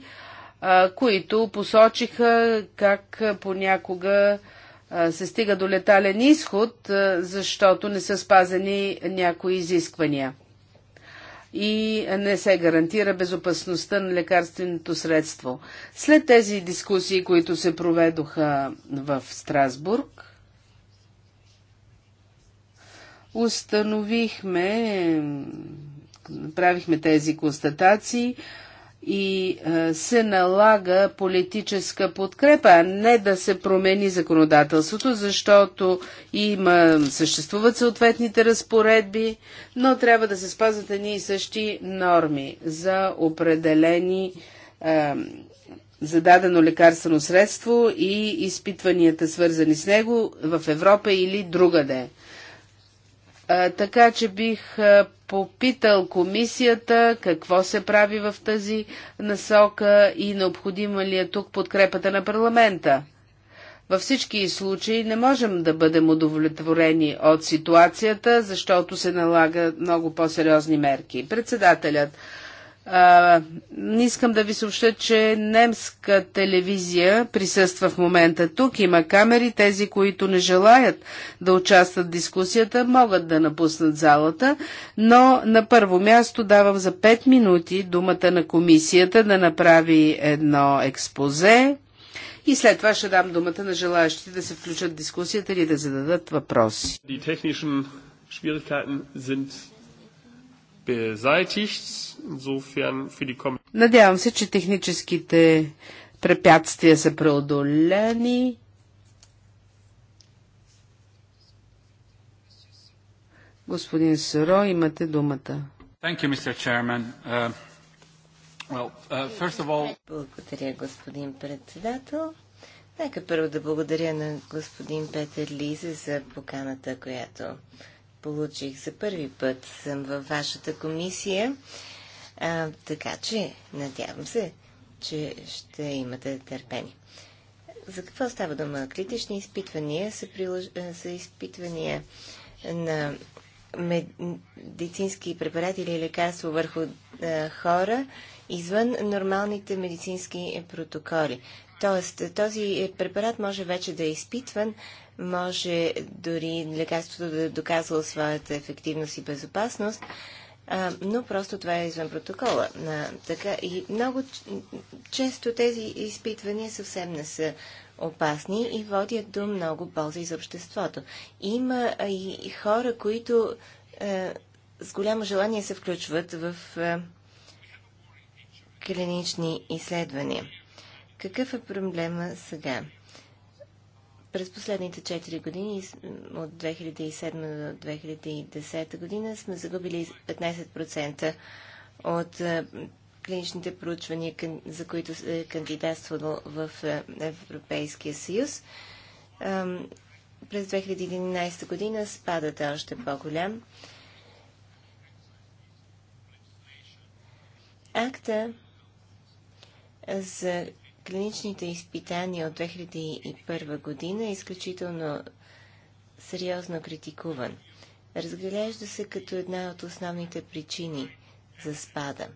които посочиха как понякога се стига до летален изход, защото не са спазени някои изисквания и не се гарантира безопасността на лекарственото средство. След тези дискусии, които се проведоха в Страсбург, установихме, направихме тези констатации, и е, се налага политическа подкрепа, а не да се промени законодателството, защото има, съществуват съответните разпоредби, но трябва да се спазват едни и същи норми за определени е, лекарствено средство и изпитванията свързани с него в Европа или другаде. Така че бих попитал комисията какво се прави в тази насока и необходима ли е тук подкрепата на парламента. Във всички случаи не можем да бъдем удовлетворени от ситуацията, защото се налага много по-сериозни мерки. Председателят а, искам да ви съобща, че немска телевизия присъства в момента тук. Има камери. Тези, които не желаят да участват в дискусията, могат да напуснат залата. Но на първо място давам за 5 минути думата на комисията да направи едно експозе. И след това ще дам думата на желаящите да се включат в дискусията или да зададат въпроси. Die technischen Schwierigkeiten sind Надявам се, че техническите препятствия са преодолени. Господин Сиро, имате думата. Uh, uh, благодаря, господин председател. Нека първо да благодаря на господин Петър Лизе за поканата, която получих за първи път. Съм във вашата комисия, а, така че надявам се, че ще имате търпение. За какво става дума? Критични изпитвания са, прилъж... са изпитвания на медицински препарати или лекарства върху а, хора извън нормалните медицински протоколи. Тоест, този препарат може вече да е изпитван, може дори лекарството да е доказало своята ефективност и безопасност, но просто това е извън протокола. така, и много често тези изпитвания съвсем не са опасни и водят до много ползи за обществото. Има и хора, които с голямо желание се включват в клинични изследвания. Какъв е проблема сега? През последните 4 години, от 2007 до 2010 година, сме загубили 15% от клиничните проучвания, за които е кандидатствало в Европейския съюз. През 2011 година спадът е още по-голям. Акта за клиничните изпитания от 2001 година е изключително сериозно критикуван. Разглежда се като една от основните причини за спада.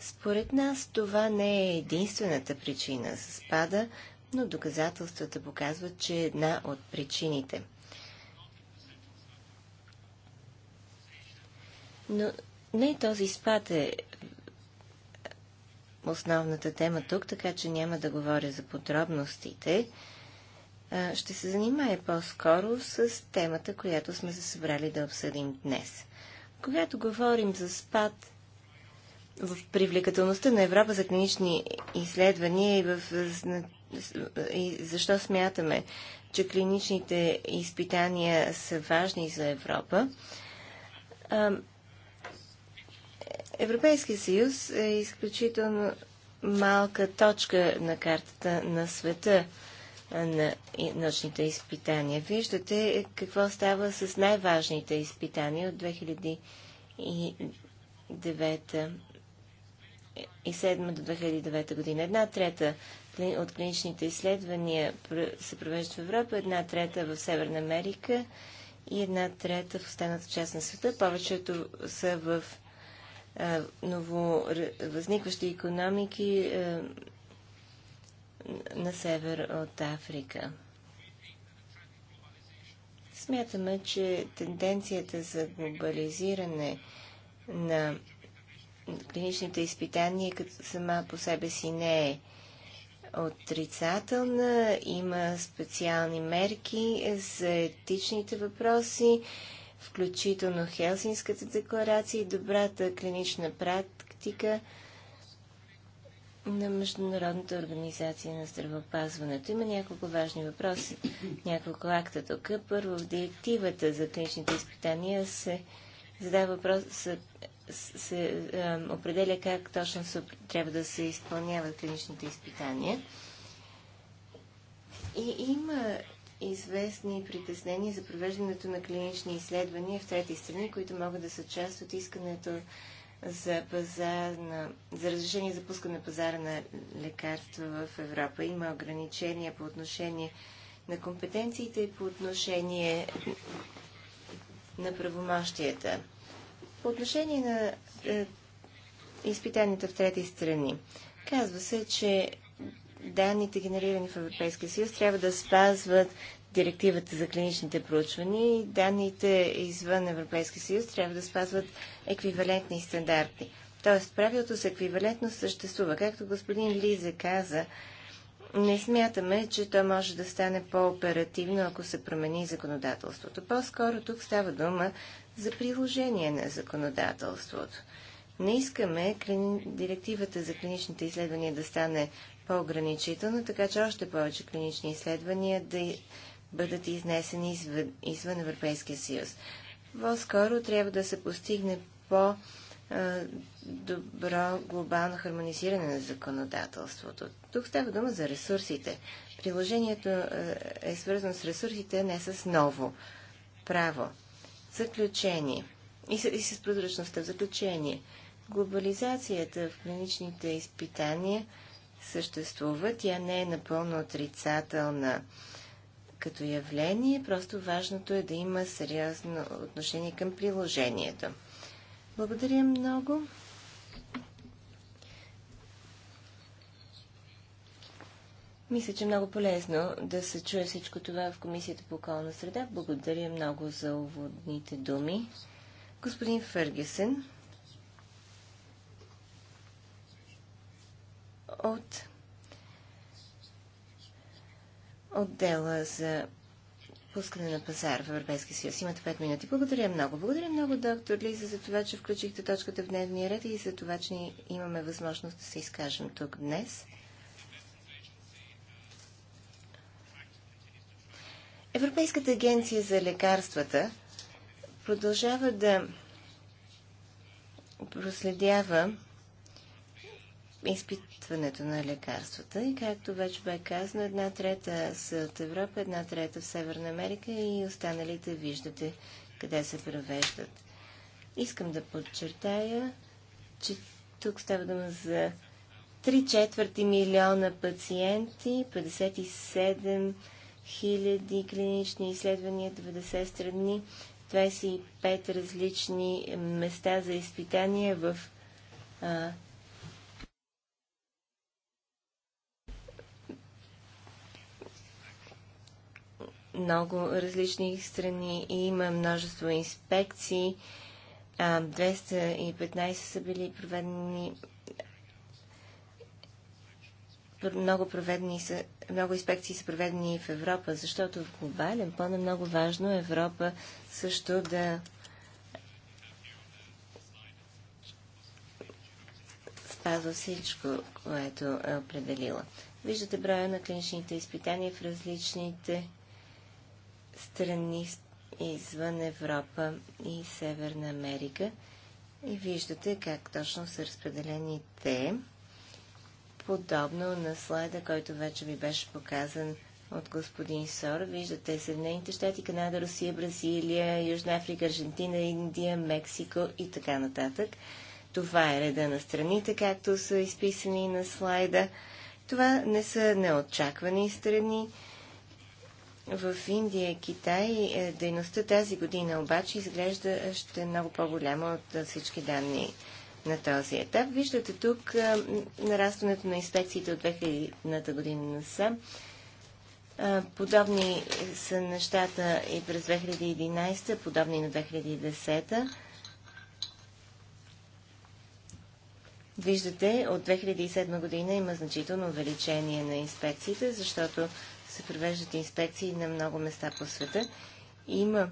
Според нас това не е единствената причина за спада, но доказателствата показват, че е една от причините. Но не този спад е основната тема тук, така че няма да говоря за подробностите. Ще се занимая по-скоро с темата, която сме се събрали да обсъдим днес. Когато говорим за спад в привлекателността на Европа за клинични изследвания и, в, и защо смятаме, че клиничните изпитания са важни за Европа, Европейския съюз е изключително малка точка на картата на света на научните изпитания. Виждате какво става с най-важните изпитания от 2009 и до 2009 година. Една трета от клиничните изследвания се провеждат в Европа, една трета в Северна Америка и една трета в останата част на света. Повечето са в е, нововъзникващи економики е, на север от Африка. Смятаме, че тенденцията за глобализиране на клиничните изпитания като сама по себе си не е отрицателна. Има специални мерки за етичните въпроси включително Хелсинската декларация и добрата клинична практика на Международната организация на здравеопазването. Има няколко важни въпроси, няколко акта тук. Първо, в директивата за клиничните изпитания се задава въпрос, се, се е, определя как точно се, трябва да се изпълняват клиничните изпитания. И има известни притеснения за провеждането на клинични изследвания в трети страни, които могат да са част от искането за, пазар на, за разрешение за пускане на пазара на лекарства в Европа. Има ограничения по отношение на компетенциите и по отношение на правомощията. По отношение на е, изпитанията в трети страни, казва се, че данните, генерирани в Европейския съюз, трябва да спазват директивата за клиничните проучвания и данните извън Европейския съюз трябва да спазват еквивалентни стандарти. Тоест, правилото с еквивалентност съществува. Както господин Лиза каза, не смятаме, че то може да стане по-оперативно, ако се промени законодателството. По-скоро тук става дума за приложение на законодателството. Не искаме директивата за клиничните изследвания да стане по-ограничително, така че още повече клинични изследвания да бъдат изнесени извън, извън Европейския съюз. По-скоро трябва да се постигне по- добро глобално хармонизиране на законодателството. Тук става дума за ресурсите. Приложението е свързано с ресурсите, не с ново право. Заключение. И с, и с прозрачността. Заключение. Глобализацията в клиничните изпитания – съществува. Тя не е напълно отрицателна като явление, просто важното е да има сериозно отношение към приложението. Благодаря много. Мисля, че е много полезно да се чуе всичко това в Комисията по околна среда. Благодаря много за уводните думи. Господин Фъргесен. от отдела за пускане на пазар в Европейския съюз. Имате 5 минути. Благодаря много. Благодаря много, доктор Лиза, за това, че включихте точката в дневния ред и за това, че имаме възможност да се изкажем тук днес. Европейската агенция за лекарствата продължава да проследява изпитването на лекарствата. И както вече бе казано, една трета са от Европа, една трета в Северна Америка и останалите виждате къде се превеждат. Искам да подчертая, че тук става дума за 3 четвърти милиона пациенти, 57 хиляди клинични изследвания, 90 страни, 25 различни места за изпитания в много различни страни и има множество инспекции. 215 са били проведени много, проведени са, много инспекции са проведени в Европа, защото в глобален план е много важно Европа също да спазва всичко, което е определила. Виждате броя на клиничните изпитания в различните страни извън Европа и Северна Америка. И виждате как точно са разпределени те, подобно на слайда, който вече ви беше показан от господин Сор. Виждате Съединените щати, Канада, Русия, Бразилия, Южна Африка, Аржентина, Индия, Мексико и така нататък. Това е реда на страните, както са изписани на слайда. Това не са неочаквани страни. В Индия и Китай е, дейността тази година обаче изглежда ще е много по-голяма от е, всички данни на този етап. Виждате тук нарастването на инспекциите от 2000-та година на са. Подобни са нещата и през 2011, подобни на 2010. Виждате, от 2007 година има значително увеличение на инспекциите, защото се провеждат инспекции на много места по света. Има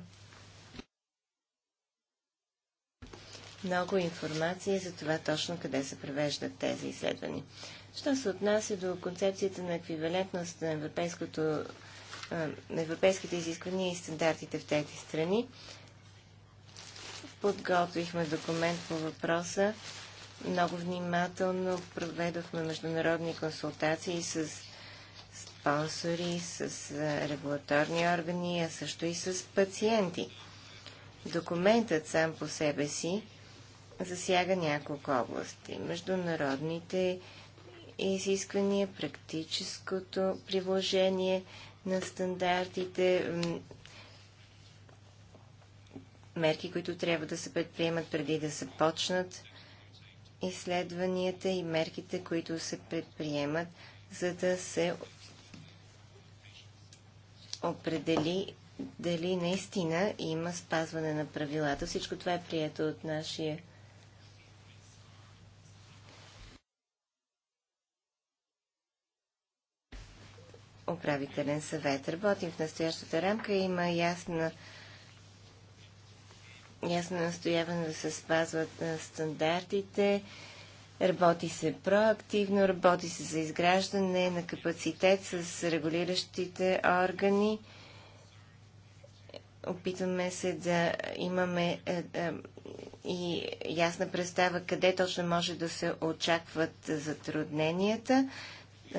много информация за това точно къде се провеждат тези изследвания. Що се отнася до концепцията на еквивалентност на европейското, на европейските изисквания и стандартите в тези страни, подготвихме документ по въпроса. Много внимателно проведохме международни консултации с спонсори, с регулаторни органи, а също и с пациенти. Документът сам по себе си засяга няколко области. Международните изисквания, практическото приложение на стандартите, мерки, които трябва да се предприемат преди да се почнат изследванията и мерките, които се предприемат, за да се определи дали наистина има спазване на правилата. Всичко това е прието от нашия управителен съвет. Работим в настоящата рамка. Има ясна, ясно настояване да се спазват стандартите, Работи се проактивно, работи се за изграждане на капацитет с регулиращите органи. Опитваме се да имаме е, е, и ясна представа къде точно може да се очакват затрудненията е,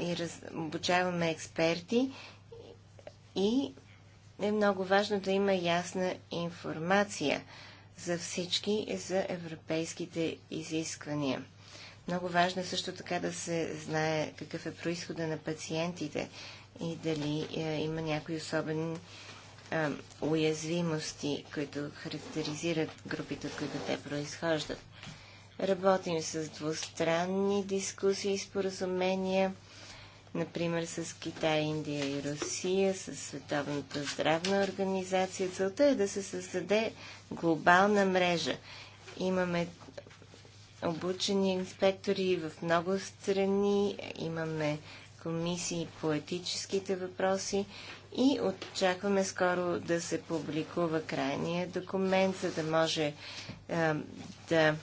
и раз, обучаваме експерти и е много важно да има ясна информация за всички и за европейските изисквания. Много важно е също така да се знае какъв е происхода на пациентите и дали е, има някои особени е, уязвимости, които характеризират групите, от които те произхождат. Работим с двустранни дискусии и споразумения например с Китай, Индия и Русия, с Световната здравна организация. Целта е да се създаде глобална мрежа. Имаме обучени инспектори в много страни, имаме комисии по етическите въпроси и очакваме скоро да се публикува крайния документ, за да може а, да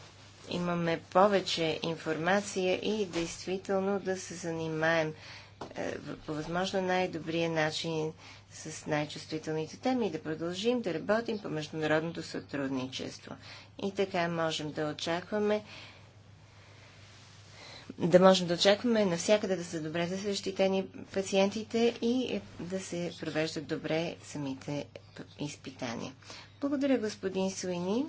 имаме повече информация и действително да се занимаем е, по възможно най-добрия начин с най-чувствителните теми и да продължим да работим по международното сътрудничество. И така можем да очакваме да можем да очакваме навсякъде да са добре за защитени пациентите и да се провеждат добре самите изпитания. Благодаря, господин Суини.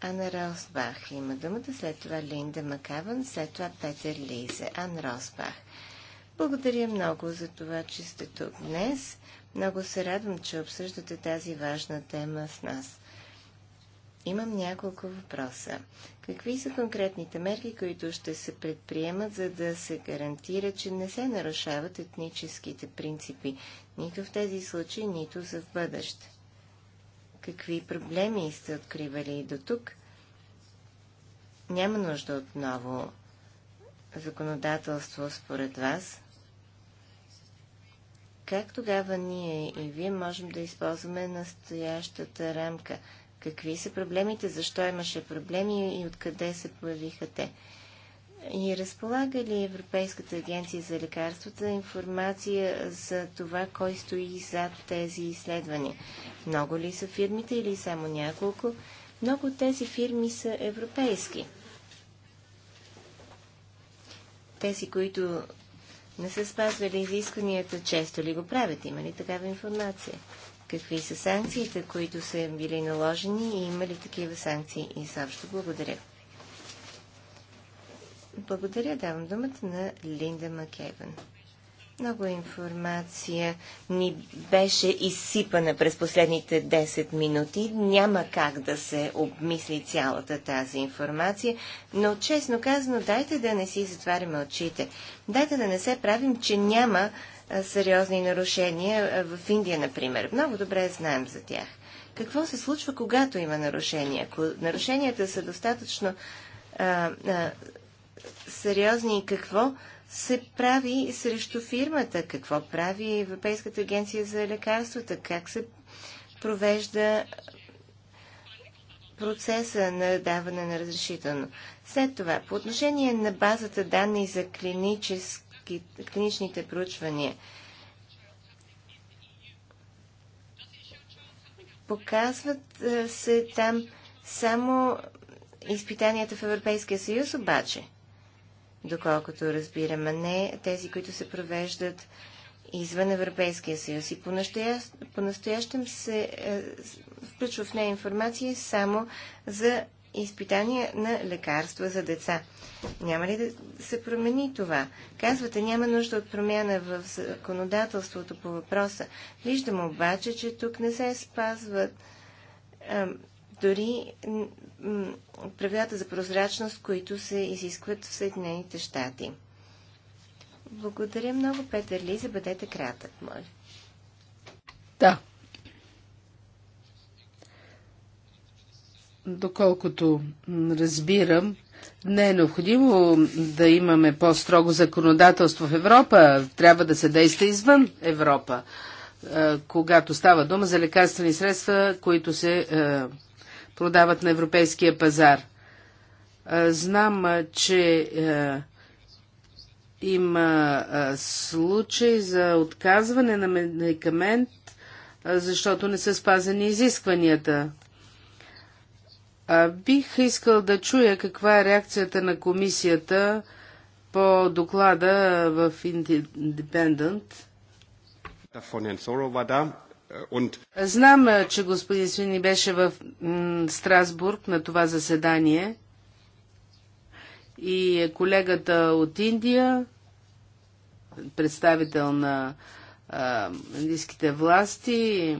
Ана Росбах има думата, след това Линда Макаван, след това Петър Лизе. Анна Росбах. Благодаря много за това, че сте тук днес. Много се радвам, че обсъждате тази важна тема с нас. Имам няколко въпроса. Какви са конкретните мерки, които ще се предприемат, за да се гарантира, че не се нарушават етническите принципи, нито в тези случаи, нито за в бъдеще? Какви проблеми сте откривали и до тук? Няма нужда от ново законодателство според вас. Как тогава ние и вие можем да използваме настоящата рамка? Какви са проблемите? Защо имаше проблеми и откъде се появиха те? И разполага ли Европейската агенция за лекарствата информация за това, кой стои зад тези изследвания? Много ли са фирмите или само няколко? Много от тези фирми са европейски. Тези, които не са спазвали изискванията, често ли го правят? Има ли такава информация? Какви са санкциите, които са били наложени и има ли такива санкции и също Благодаря. Благодаря. Давам думата на Линда Макеван. Много информация ни беше изсипана през последните 10 минути. Няма как да се обмисли цялата тази информация, но честно казано, дайте да не си затваряме очите. Дайте да не се правим, че няма сериозни нарушения в Индия, например. Много добре знаем за тях. Какво се случва, когато има нарушения? Ако нарушенията са достатъчно а, а, сериозни и какво се прави срещу фирмата, какво прави Европейската агенция за лекарствата, как се провежда процеса на даване на разрешително. След това, по отношение на базата данни за клиничните проучвания, показват се там само изпитанията в Европейския съюз, обаче – доколкото разбираме, а не тези, които се провеждат извън Европейския съюз. И по-настоящем се е, включва в нея информация само за изпитания на лекарства за деца. Няма ли да се промени това? Казвате, няма нужда от промяна в законодателството по въпроса. Виждам обаче, че тук не се спазват дори правилата за прозрачност, които се изискват в Съединените щати. Благодаря много, Петър Лиза. Бъдете кратък, моля. Да. Доколкото разбирам, не е необходимо да имаме по-строго законодателство в Европа. Трябва да се действа извън Европа, когато става дума за лекарствени средства, които се продават на европейския пазар. Знам, че има случай за отказване на медикамент, защото не са спазени изискванията. Бих искал да чуя каква е реакцията на комисията по доклада в Independent. Знам, че господин Свини беше в Страсбург на това заседание и е, колегата от Индия, представител на индийските власти,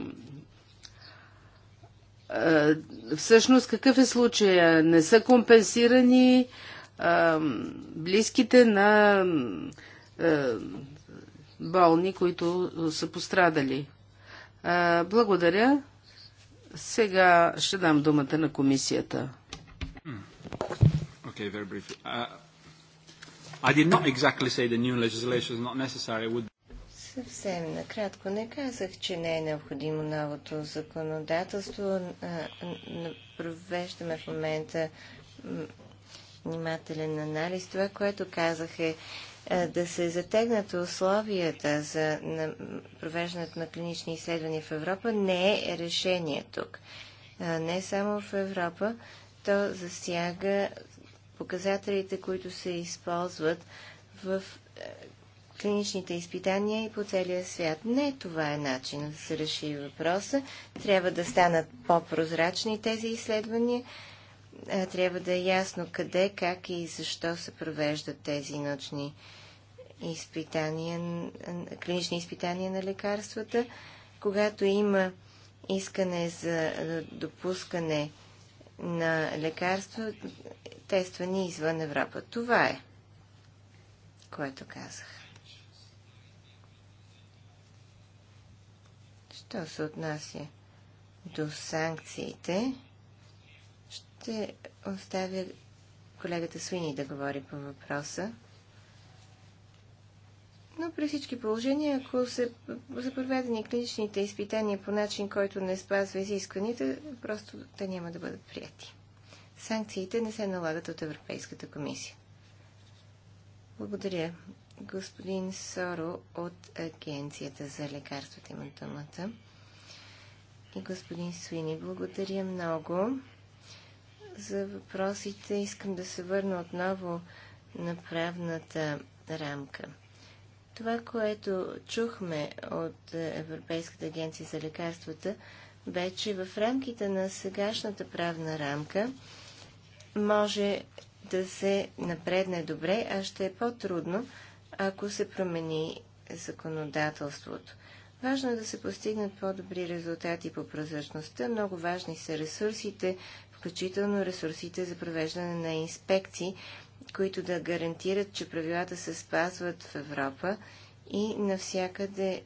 всъщност какъв е случая? Не са компенсирани близките на болни, които са пострадали. А, благодаря. Сега ще дам думата на комисията. Okay, very briefly. Uh, I did not exactly say the new legislation is not necessary. Would... Съвсем накратко не казах, че не е необходимо новото законодателство. Провеждаме в момента внимателен анализ. Това, което казах е, е, да се затегнат условията за провеждането на клинични изследвания в Европа не е решение тук. Не само в Европа, то засяга показателите, които се използват в е, клиничните изпитания и по целия свят. Не това е начин да се реши въпроса. Трябва да станат по-прозрачни тези изследвания. Е, трябва да е ясно къде, как и защо се провеждат тези научни изследвания изпитания, клинични изпитания на лекарствата, когато има искане за допускане на лекарства, тествани извън Европа. Това е, което казах. Що се отнася до санкциите, ще оставя колегата Свини да говори по въпроса. Но при всички положения, ако се са проведени клиничните изпитания по начин, който не спазва изискваните, просто те няма да бъдат прияти. Санкциите не се налагат от Европейската комисия. Благодаря. Господин Соро от Агенцията за лекарствата има думата. И господин Суини, благодаря много за въпросите. Искам да се върна отново на правната рамка. Това, което чухме от Европейската агенция за лекарствата, бе, че в рамките на сегашната правна рамка може да се напредне добре, а ще е по-трудно, ако се промени законодателството. Важно е да се постигнат по-добри резултати по прозрачността. Много важни са ресурсите, включително ресурсите за провеждане на инспекции които да гарантират, че правилата се спазват в Европа и навсякъде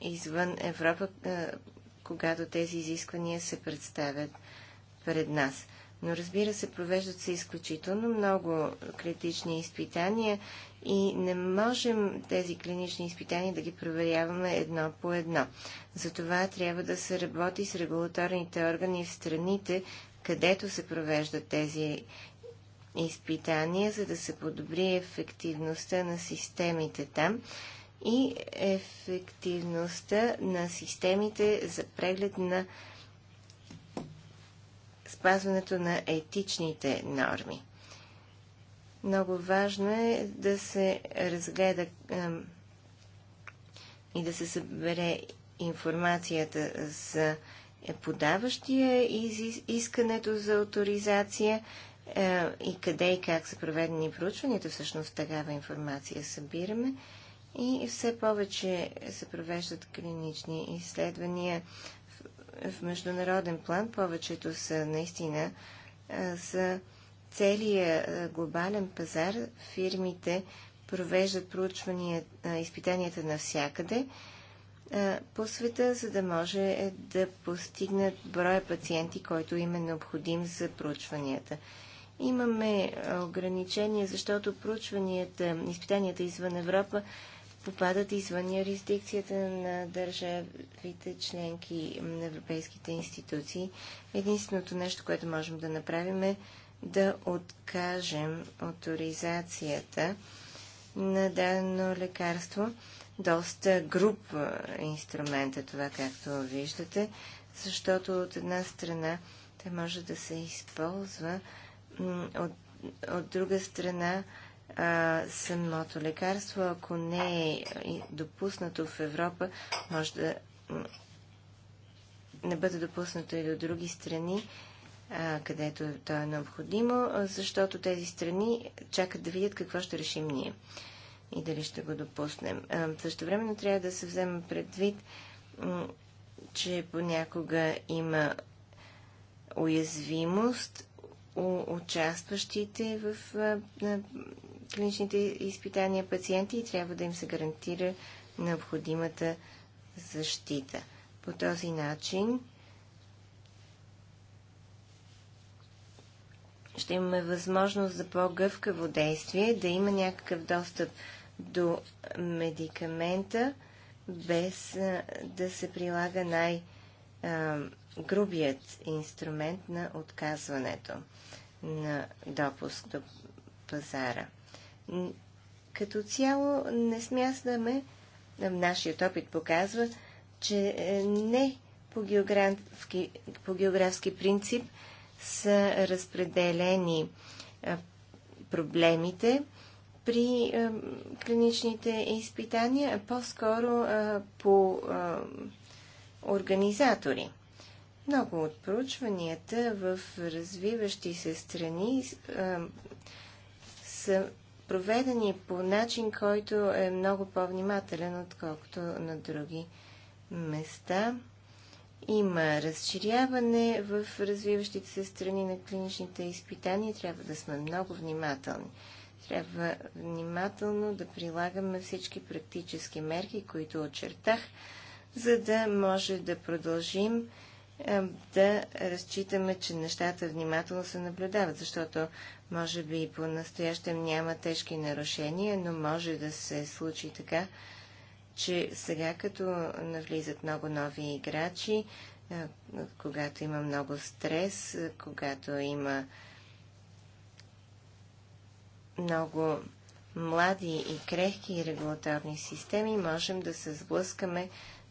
извън Европа, когато тези изисквания се представят пред нас. Но разбира се, провеждат се изключително много критични изпитания и не можем тези клинични изпитания да ги проверяваме едно по едно. Затова трябва да се работи с регулаторните органи в страните, където се провеждат тези изпитания, за да се подобри ефективността на системите там и ефективността на системите за преглед на спазването на етичните норми. Много важно е да се разгледа и да се събере информацията за подаващия искането за авторизация, е, и къде и как са проведени проучванията, всъщност такава информация събираме. И все повече се провеждат клинични изследвания в международен план. Повечето са наистина е, за целия е, глобален пазар. Фирмите провеждат проучвания, изпитанията навсякъде по света, за да може да постигнат броя пациенти, който им е необходим за проучванията. Имаме ограничения, защото проучванията, изпитанията извън Европа попадат извън юрисдикцията на държавите членки на европейските институции. Единственото нещо, което можем да направим е да откажем авторизацията на дадено лекарство. Доста груп инструмент е това, както виждате, защото от една страна те може да се използва от, от друга страна, а, самото лекарство, ако не е допуснато в Европа, може да не бъде допуснато и до други страни, а, където то е необходимо, защото тези страни чакат да видят какво ще решим ние и дали ще го допуснем. Също времено трябва да се вземе предвид, че понякога има уязвимост участващите в клиничните изпитания пациенти и трябва да им се гарантира необходимата защита. По този начин ще имаме възможност за по-гъвкаво действие, да има някакъв достъп до медикамента, без да се прилага най- грубият инструмент на отказването на допуск до пазара. Като цяло не смясваме, нашият опит показва, че е, не по географски, по географски принцип са разпределени проблемите при клиничните изпитания, а по-скоро по организатори. Много от проучванията в развиващи се страни а, са проведени по начин, който е много по-внимателен, отколкото на други места. Има разширяване в развиващите се страни на клиничните изпитания. Трябва да сме много внимателни. Трябва внимателно да прилагаме всички практически мерки, които очертах, за да може да продължим е, да разчитаме, че нещата внимателно се наблюдават, защото може би и по-настоящем няма тежки нарушения, но може да се случи така, че сега като навлизат много нови играчи, е, когато има много стрес, е, когато има много млади и крехки регулаторни системи, можем да се сблъскаме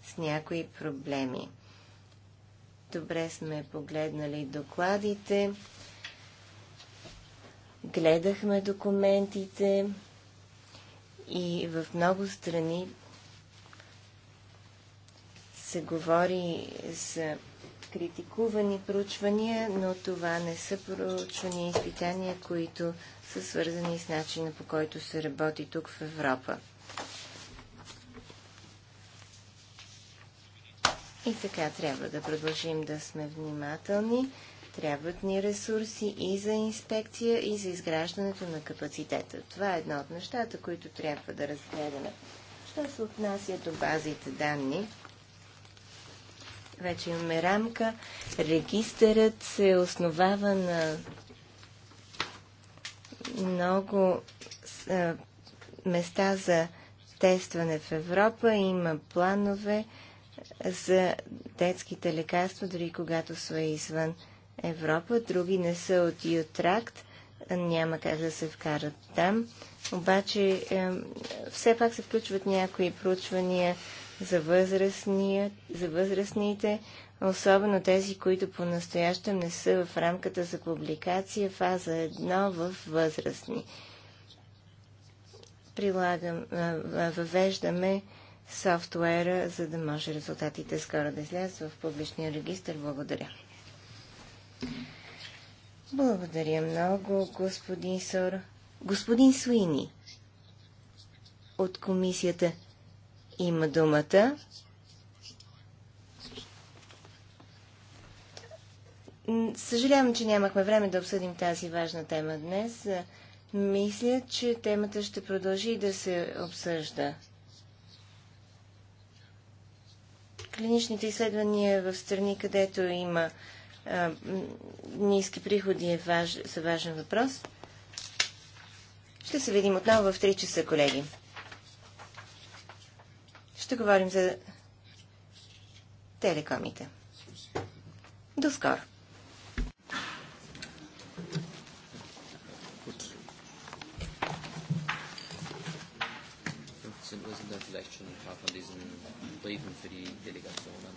с някои проблеми. Добре сме погледнали докладите. Гледахме документите и в много страни се говори за критикувани проучвания, но това не са проучвания и изпитания, които са свързани с начина по който се работи тук в Европа. И така трябва да продължим да сме внимателни. Трябват ни ресурси и за инспекция, и за изграждането на капацитета. Това е едно от нещата, които трябва да разгледаме. Що се отнася до базите данни, вече имаме рамка. Регистърът се основава на много места за тестване в Европа. Има планове за детските лекарства, дори когато са извън Европа. Други не са от Ютракт, няма как да се вкарат там. Обаче е, все пак се включват някои проучвания за, за възрастните, особено тези, които по-настоящем не са в рамката за публикация, фаза 1 в възрастни. Прилагам, е, въвеждаме софтуера, за да може резултатите скоро да излязат в публичния регистр. Благодаря. Благодаря много, господин Сор. Господин Суини от комисията има думата. Съжалявам, че нямахме време да обсъдим тази важна тема днес. Мисля, че темата ще продължи да се обсъжда. клиничните изследвания в страни, където има а, ниски приходи, е важ, са важен въпрос. Ще се видим отново в 3 часа, колеги. Ще говорим за телекомите. До скоро! vielleicht schon ein paar von diesen Briefen für die Delegationen.